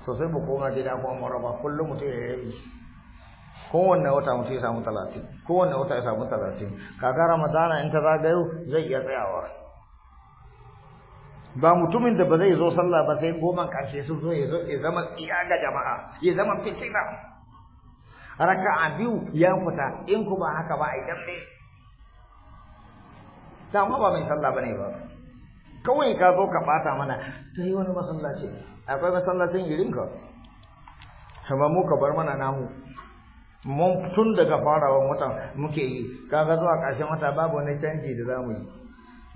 S1: to sai mu koma gida kuma mu raba kullum mutum ya yi. kowanne wata mutum ya samu talatin kowanne wata ya samu talatin kaga ramadana in ta zagayo zai iya tsayawa ba mutumin da ba zai zo sallah ba sai goma karshe sun zo ya zama tsiya ga jama'a ya zama fitina a biyu ya fita in ku ba haka ba a dambe dama ba mai sallah ba ne ba kawai ka zo ka bata mana ta yi wani masallaci akwai masallacin irinka kuma mu ka bar mana namu mun tun daga farawan watan muke yi kaga zuwa ƙarshen wata babu wani canji da zamu yi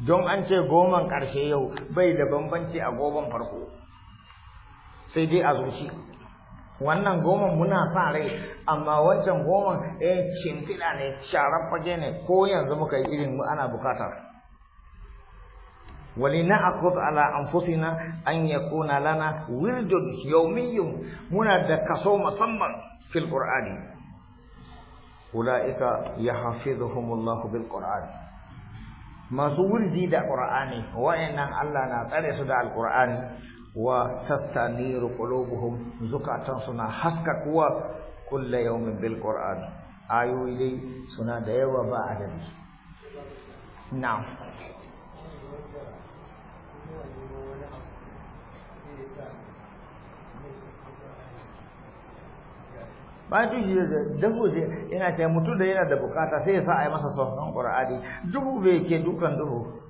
S1: don an ce goman ƙarshe yau bai da bambanci a goman farko sai dai a zuci wannan goman muna sa rai amma wancan goman eh shimfiɗa ne sharar fage ne ko yanzu muka yi irin ana bukatar walina'khud 'ala anfusina an yakuna lana wirdun yawmiyyun muna da kaso musamman fil qur'ani ulaika yahfidhuhumullahu bil qur'ani masu wirdi da ƙur'ani, wa inna allaha na tsare su da al qur'ani wa tastaniru qulubuhum zukatan suna haska kuwa kullu yawmin bil qur'ani ayu suna da yawa ba adadi na'am ba tushi dubu sai yana ta mutu da yana da bukata sai ya sa a yi masa sauran ƙura'adi dubu bai ke dukan dubu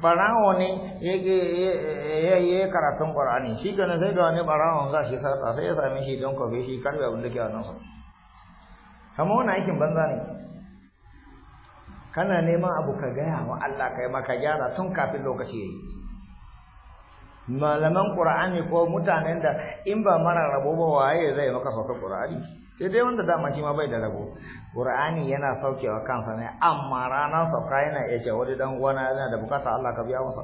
S1: barawo ne ya yi karatun ƙur'ani shi na sai ga wani barawo za shi sarta sai ya sami shi don kwafe shi karbe abin da ke wannan nan sa kama wani aikin banza ne kana neman abu ka gaya wa Allah kai maka gyara tun kafin lokaci yayi malaman qur'ani ko mutanen da in ba mara rabo ba waye zai maka sauka qur'ani sai dai wanda dama shi ma bai da rabo qur'ani yana saukewa kansa ne amma ranar sauka yana iya cewa wani dan uwana yana da bukata Allah ka biya masa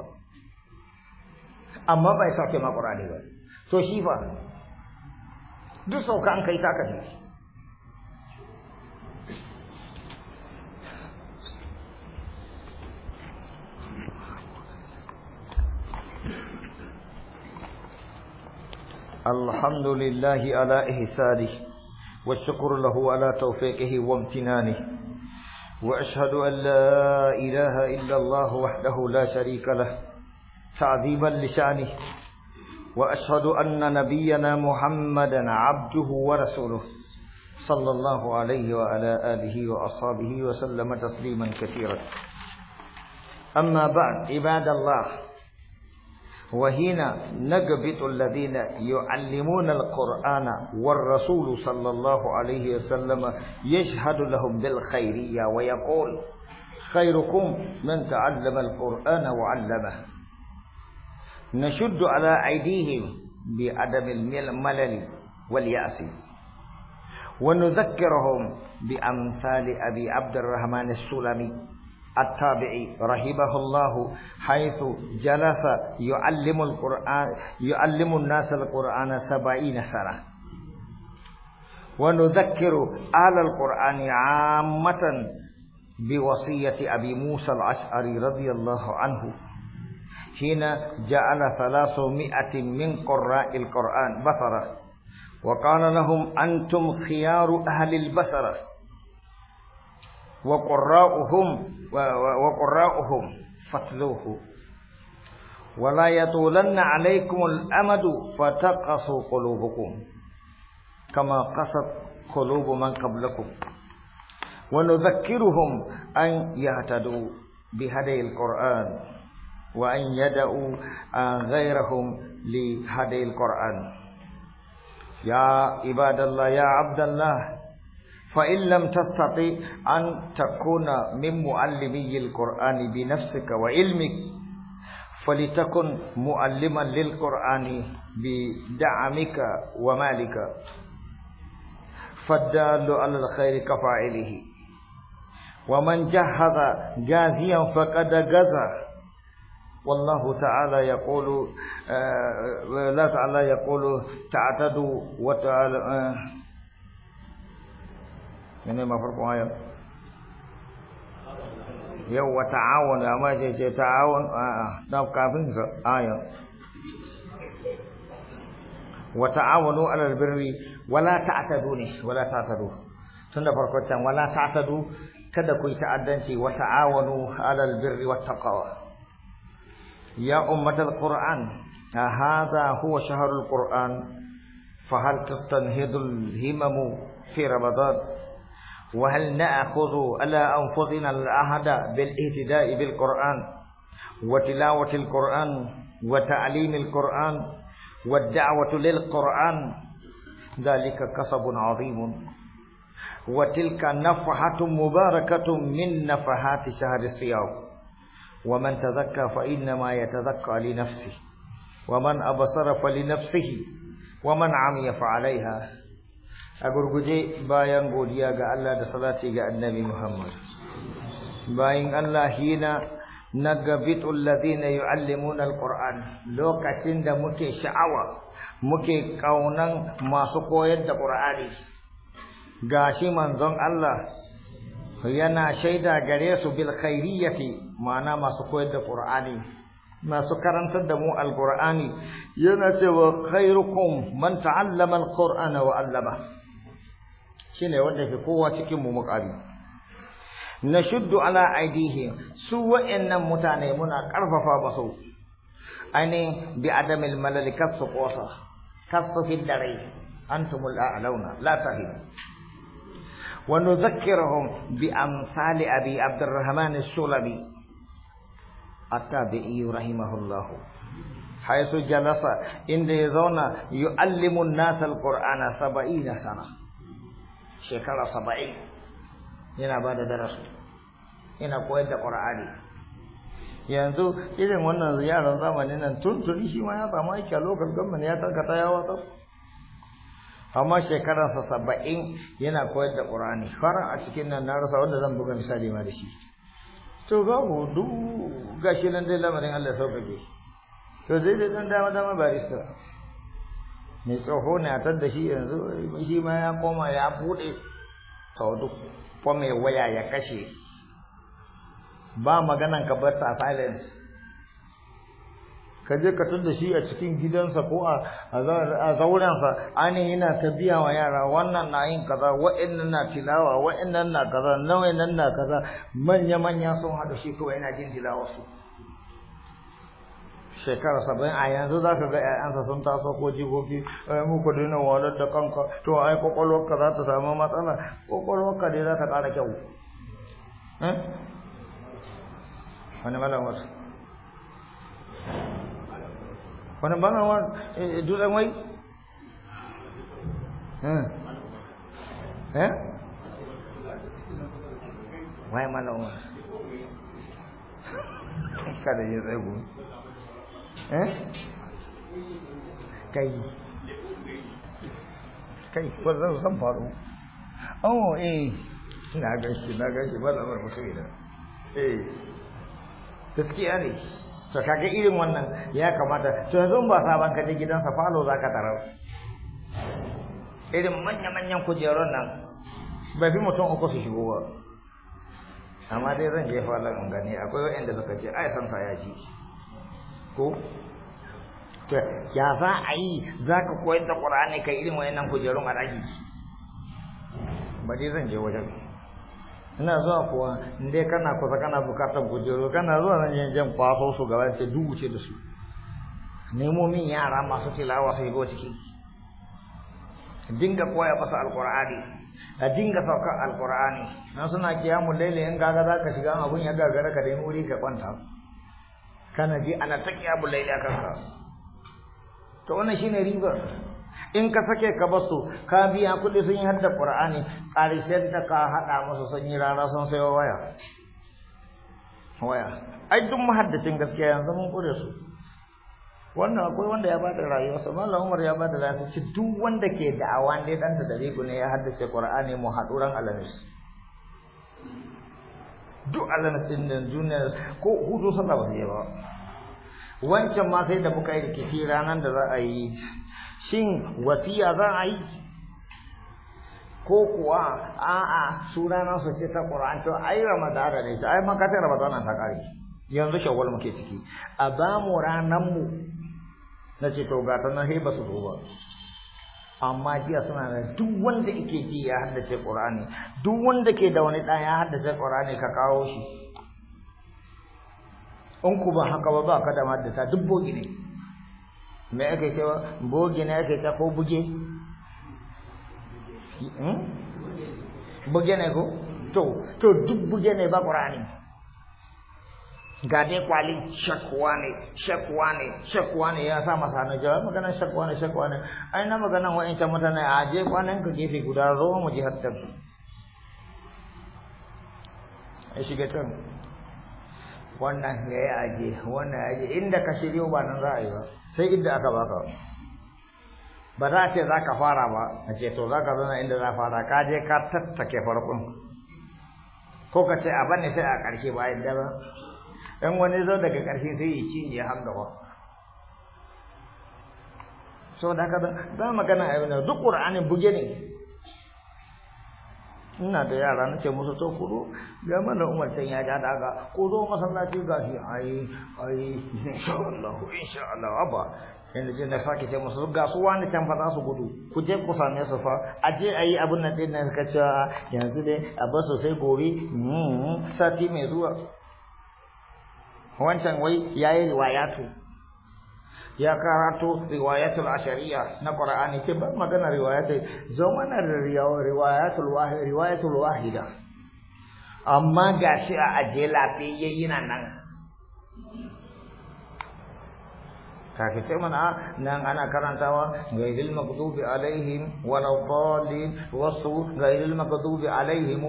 S1: amma bai sauke ma qur'ani ba to shi duk sauka an kai ta kace الحمد لله على إحسانه والشكر له على توفيقه وامتنانه وأشهد أن لا إله إلا الله وحده لا شريك له تعظيما لشانه وأشهد أن نبينا محمدا عبده ورسوله صلى الله عليه وعلى آله وأصحابه وسلم تسليما كثيرا أما بعد عباد الله وهنا نقبط الذين يعلمون القرآن والرسول صلى الله عليه وسلم يشهد لهم بالخيرية ويقول خيركم من تعلم القرآن وعلمه نشد على أيديهم بعدم الملل واليأس ونذكرهم بأمثال أبي عبد الرحمن السلمي التابعي رحمه الله حيث جلس يعلم القرآن يعلم الناس القرآن سبعين سنة ونذكر آل القرآن عامة بوصية أبي موسى الأشعري رضي الله عنه حين جعل ثلاثمائة من قراء القرآن بصرة وقال لهم أنتم خيار أهل البصرة وقراؤهم وقراؤهم فاتلوه ولا يطولن عليكم الأمد فتقصوا قلوبكم كما قصت قلوب من قبلكم ونذكرهم أن يهتدوا بهدي القرآن وأن يدعوا غيرهم لهدي القرآن يا عباد الله يا عبد الله فإن لم تستطع أن تكون من معلمي القرآن بنفسك وعلمك فلتكن معلما للقرآن بدعمك ومالك فالدال على الخير كفاعله ومن جهز جازيا فقد جزى والله تعالى يقول الله تعالى يقول تعتدوا وتعالى آه، mene mafarkon ayar yau wa ta'awun amma ce ce ta'awun a'a na kafin ayar wa ta'awunu alal birri wala ta'tadu ne wala ta'tadu tunda farko can wala ta'tadu kada ku yi ta'addanci wa ta'awunu alal birri wat taqwa ya ummatal qur'an hadha huwa shahrul qur'an fa hal tastanhidul himamu fi ramadan وهل نأخذ على أنفسنا العهد بالاهتداء بالقرآن وتلاوة القرآن وتعليم القرآن والدعوة للقرآن ذلك كسب عظيم وتلك نفحة مباركة من نفحات شهر الصيام ومن تزكى فإنما يتزكى لنفسه ومن أبصر فلنفسه ومن عمي فعليها a gurguje bayan godiya ga Allah da salati ga annabi Muhammad bayan Allah hina nagabitul ladina yuallimuna alquran lokacin da muke sha'awa muke kaunan masu koyar da qur'ani gashi manzon Allah yana shaida gare su bil khairiyati ma'ana masu koyar da qur'ani masu karantar da mu alqur'ani yana cewa khairukum man ta'allama alqur'ana wa 'allama shine wanda ke kowa cikin mu muƙami nashuddu ala aidihim su wa'annan mutane muna karfafa masu ani bi adamil malal kasu kosa kasu fiddare antumul a'launa la wa tahidu ونذكرهم بأمثال أبي عبد الرحمن السلمي التابعي رحمه الله حيث جلس عند يذون يعلم الناس القرآن سبعين سنة shekara saba'in yana ba da darasi yana koyar da ƙwararri yanzu irin wannan yaran zamanin nan tuntuni shi ma ya samu aiki a lokacin gwamnati ya tarkata ya watsar amma shekararsa saba'in yana koyar da ƙur'ani har a cikin nan na rasa wanda zan buga misali ma da shi to babu duk gashi nan dai lamarin Allah ya sauƙaƙe to zai dai dan dama dama barista mai tsoho ne a da shi yanzu shi ma ya koma ya buɗe sau duk ko mai waya ya kashe ba maganan ka bar ta silence ka je ka da shi a cikin gidansa ko a zaurensa ani yana ta biya wa yara wannan na yin kaza wa'annan na tilawa wa'annan na kaza nawa nan na kaza manya manya sun haɗa shi kawai yana jin tilawa su shekara saba'in a yanzu za ka ga 'ya'yansa sun taso ko jigogi ai eh, muku dina walar da kanka to ai kwakwalwarka za ta samu matsala kwakwalwarka dai za ta ƙara kyau eh? wani malamar wani malamar eh, dutsen wai
S2: wai malamar
S1: <laughs> kada ya tsaye eh kai kai ko zan san faru oh eh na gashi na gashi ba da musu gida. eh gaskiya ne to kaga irin wannan ya kamata to yanzu ba saban ka je gidansa falo za ka tarar irin manya-manyan kujerun nan bai fi mutum uku su shigo ba amma dai zan je falon gani akwai waɗanda suka ce ai san sa ya ci ko to ya za a yi za ka koyar da ƙur'ani kai irin wayannan kujerun a ɗaki ba dai zan je wajen ina zuwa kuwa in dai kana kusa kana bukatar kujeru kana zuwa zan je jan kwaso su gaba ce duk ce da su nemo min yara masu tilawa sai go ciki dinga koya masa Alƙur'ani, a dinga sauka Alƙur'ani, na suna kiyamu laili in za ka shiga abun ya gagara ka dai wuri ka kwanta kana je ana ta kiyamu laili akan ka to wannan shine riba in ka sake ka basu ka biya kudi sun yi hadda qur'ani ƙarshen ta ka haɗa musu sun yi rara sun sayo waya waya ai duk mahaddacin gaskiya yanzu mun kure su wannan akwai wanda ya bada rayuwarsa mallam Umar ya bada rayuwarsa duk wanda ke da'awa ne dan da dare ne ya haddace Qur'ani mu haduran alamis duk alanas ɗin nan duniya ko hudu sallah ba ba wancan ma sai da muka yi rikici ranar da za a yi shin wasiya za a yi ko kuwa a'a su ranar su ce ta ƙura'an to ai ramadana ne ta ai makatar ramadana ta ƙari yanzu shawwal muke ciki a ba mu ranar mu na ce to ga sanar nan su zo ba amma jiya suna da duk wanda yake ji ya haddace Qur'ani duk wanda ke da wani ɗan ya haddace Qur'ani ka kawo shi in ku ba haka ba ba ka da maddata duk bogi ne me ake cewa bogi ne ake ce ko buge hmm? buge ne ko to to duk buge ne ba Qur'ani ga dai kwalin shakwa ne shakwa ne shakwa ne ya sa masa na jawab magana shakwa ne shakwa ne ai na magana wa'ancan mutane a je kwanan ka gefe guda zo mu ji hattar ai shiga can wannan ya yi aje wannan ya je inda ka shirya ba nan za a yi ba sai inda aka baka ba za a ce za ka fara ba a ce to za ka zana inda za fara ka je ka tattake farkon ko ka ce a bane sai a ƙarshe ba yadda ba dan wani zo daga ƙarshe sai yi cinye har gaba so da haka ba magana a yau duk ƙur'anin buge ne ina da yara nace musu to kuro ga mana Umar sai ya ja daga ko zo masallaci gashi ayi, ai insha Allah insha Allah aba yanzu je na sake ce musu ga su wani can fa za su gudu ku je ku same su fa a je a yi abin nan din nan suka yanzu dai a ba su sai gobe hmm, hmm, sati mai zuwa wancan wai yayi riwayatu ya karatu riwayatul ashariya na qur'ani ke ban magana riwayatai zo mana riwayatul wahida riwayatul wahida amma gashi a ajiye fe yayin nan kafin sai mana nan ana karantawa gairil makdubi alaihim wala dhalin wasu gairil makdubi alaihim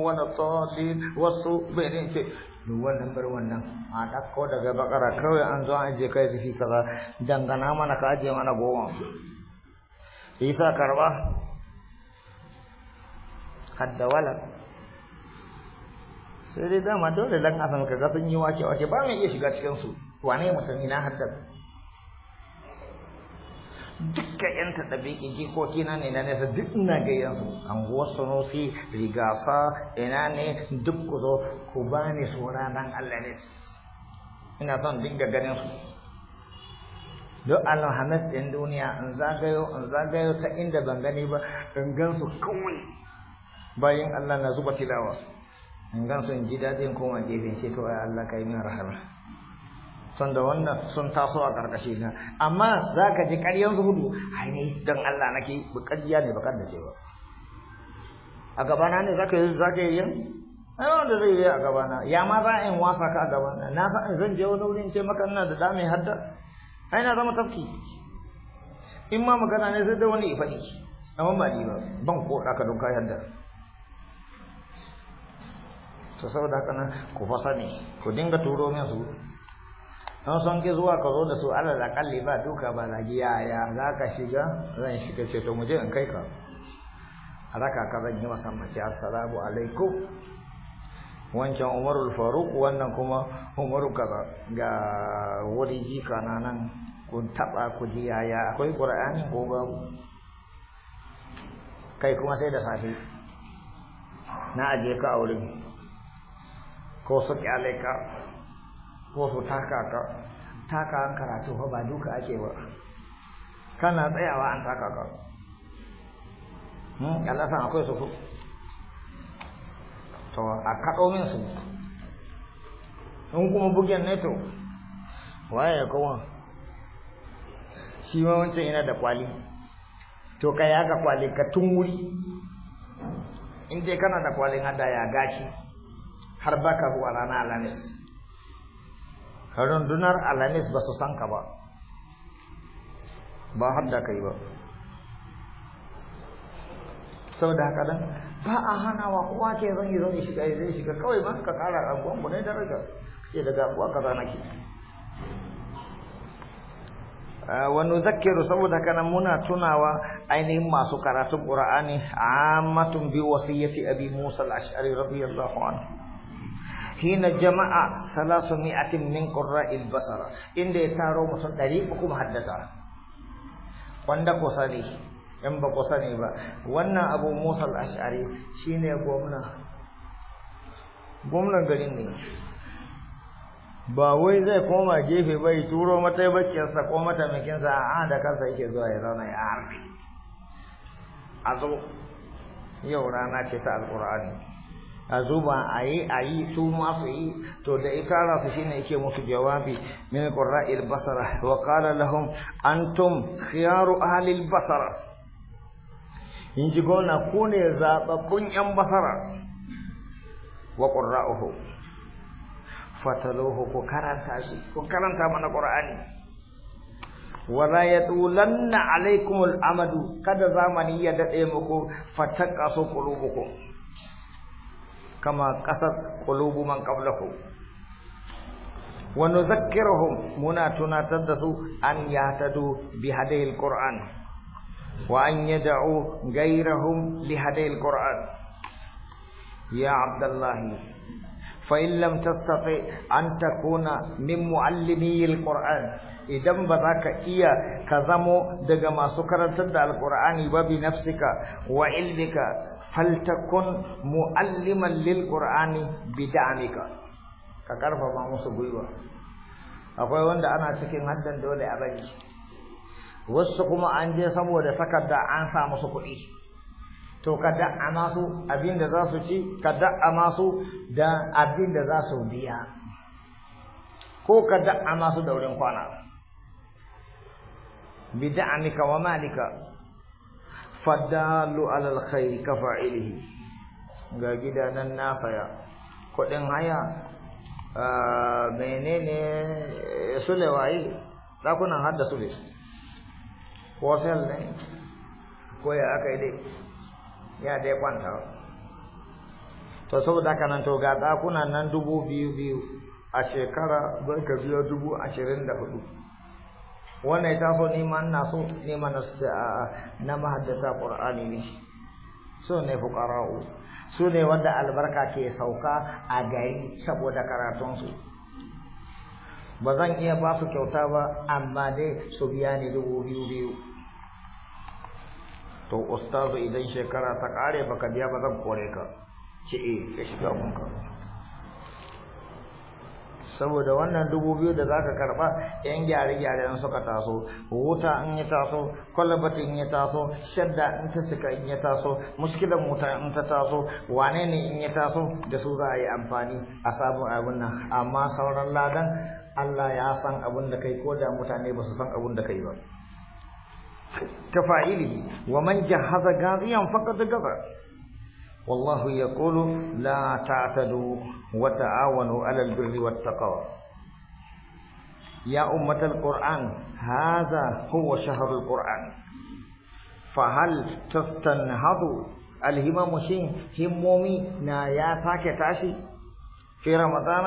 S1: wala dhalin wasu bene ce duk wannan bar wannan a dakko daga bakara kawai an zo an je kai su fi dangana mana ka aje mana goma isa karwa kadda wala sai dai ma dole dan asan kaga sun yi wace-wace ba mai iya shiga cikin su wane musulmi na haddasa dukkan yan taɗaɓiƙi jikoki na ne na nesa duk ina gayyan su wasu nosi rigasa ina ne duk ku zo ku ba ni su ranar allamis ina son dinga ganin su don alhamis ɗin duniya in zagayo in zagayo ta inda ban gani ba in gan su kawai bayan allah na zuba tilawa in gan su in ji daɗin koma gefe ce to ai allah ka yi min rahama son da wannan sun taso a ƙarƙashi na amma za ka ji ƙaryan zuhudu hanyar don Allah nake buƙaciya ne bakar da cewa a gabana ne za ka yi za ka yi yin ai wanda zai yi a gabana ya ma za in wasa ka a gabana na san zan je wani wurin ce maka ina da da mai hadda ai na zama tafki in ma magana ne sai da wani ifaɗi amma ba ni ba ban ko ɗaka don ka hadda to saboda haka nan ku fasa ne ku dinga turo min su an san ki zuwa ka zo da su da kalli ba duka ba na giya yaya za ka shiga zan shiga ce to muje in kai ka haraka ka zan yi masa mace assalamu alaikum wancan umarul faruk wannan kuma umaru ka ga wani jika na nan kun taba ku ji ya akwai qur'ani ko ba kai kuma sai da safe na aje ka a wurin ko su kyale wato taka ka taka an karatu fa ba duka ake ba kana tsayawa an taka ka hmm Allah san akwai su ko to a kado min su in kuma bugen ne to waye ya kowa shi ma wancan yana da kwali to ka ga kwali ka tun wuri in dai kana da kwalin hada ya gashi har baka ruwa rana alhamis dunar alanis ba su san ka ba ba har da kai ba sau da haka nan ba a hana wa kowa ce zan yi zan yi shiga zai shiga kawai ba ka kara abuwan ku ne daraja ce daga kuwa kaza Wani wa nuzakkiru saboda haka nan muna tunawa ainihin masu karatun qur'ani ammatun wasu yafi abi musa al-ash'ari radiyallahu anhu hina jama'a salasu mi'atin min qurra'il basara inda ya taro musu ɗari uku haddasa wanda ko sani in ba ko sani ba wannan abu musa al-ash'ari shine gwamna gwamnan garin ne ba wai zai koma gefe bai turo mataimakinsa ko mataimakinsa a da kansa yake zuwa ya zauna ya harbi a zo yau rana ce ta Alƙur'ani. a zuba a yi a yi su masu yi to da ikara su shine yake musu jawabi min qurra'il basara wa qala lahum antum khiyaru ahli al-basara in ji gona ku ne zababbun yan basara wa uku, fataluhu ku karanta shi ku karanta mana qur'ani wala yadulanna alaikumul amadu kada zamani ya dade muku fataqasu qulubukum kama ƙasar qulubu man qablahum wa nudhakkiruhum muna tunatar da su an yahtadu bi hadayil qur'an wa an yad'u ghayrahum li hadayil qur'an ya abdullahi فإن لم تستطع أن تكون من معلمي القرآن idan ba za ka iya ka zamo daga masu karantar da alkur'ani ba bi nafsika wa ilmika faltakun mu'alliman lil qur'ani bi da'amika ka karfafa musu gwiwa akwai wanda ana cikin haddan dole a bari wasu kuma an je saboda takarda an sa musu kuɗi to ka da'a masu abin da za su ci ka da'a masu da abin da za su biya ko ka da'a masu wurin kwana bi da'amika wa malika faddalu alal khairi ka fa'ilihi ga gidanan na ya kuɗin haya menene waye? ɗakunan hadda sule Wasu ne ko ya aka yi dai ya dai kwanta to saboda haka nan to ga dakunan nan dubu biyu biyu a shekara zai ka biya dubu ashirin da hudu wannan ya taso nima na so nima na na mahaddata qur'ani ne su ne fuqara'u su ne wanda albarka ke sauka a gari saboda karatunsu ba zan iya ba su kyauta ba amma dai su biya ne dubu biyu biyu to ustazu idan shekara ta kare baka biya ba zan kore ka ce eh ka shiga ka saboda wannan dubu biyu da zaka karba yan gyare-gyare in suka taso wuta in ya taso kwalabata in ya taso shadda in ta suka in ya taso muskilan wuta in ta taso wane ne in ya taso da su za a yi amfani a sabon abin nan amma sauran ladan Allah ya san abin da kai ko da mutane ba su san abin da kai ba كفاعله ومن جهز غازيا فقد كفر والله يقول لا تعتدوا وتعاونوا على البر والتقوى يا أمة القرآن هذا هو شهر القرآن فهل تستنهض الهمم شين همومي نايا ساكتاشي في رمضان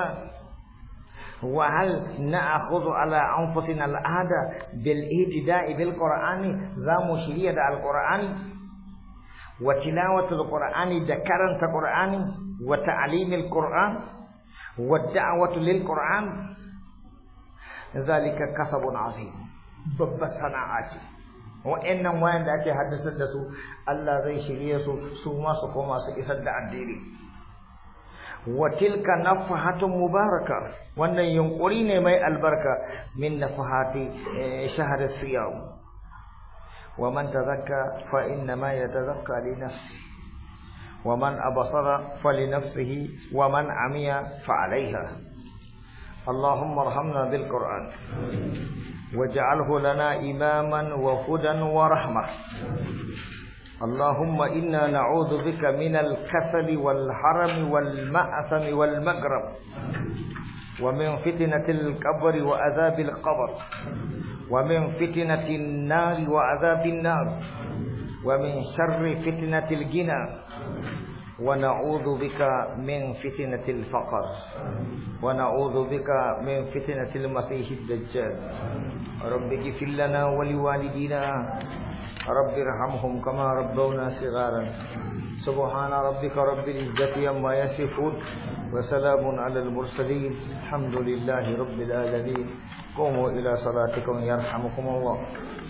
S1: Wahal na ala anfusina al-ada bil bil Qur'ani za mu shirya da al-Qur'ani wa tilawati al-Qur'ani da karanta Qur'ani wa ta'limi al-Qur'an wa da'watu lil Qur'an zalika kasabun 'azim babban sana'a ce wa innan wayan da ake haddasa da su Allah zai shirya su su ma su koma su isar da addini wa tilka nafahatun mubaraka wannan yunkuri ne mai albarka min nafahati shahr siyam wa man tazakka fa inna ma yatazakka li nafsihi wa man abasara fa li nafsihi wa man amiya fa alaiha اللهم ارحمنا بالقرآن واجعله لنا إماما وهدى ورحمة اللهم إنا نعوذ بك من الكسل والحرم والمأثم والمقرب ومن فتنة القبر وعذاب القبر ومن فتنة النار وعذاب النار ومن شر فتنة الجنى ونعوذ بك من فتنة الفقر ونعوذ بك من فتنة المسيح الدجال رب اغفر لنا ولوالدينا رب ارحمهم كما ربونا صغارا سبحان ربك رب العزة عما يصفون وسلام على المرسلين الحمد لله رب العالمين قوموا إلى صلاتكم يرحمكم الله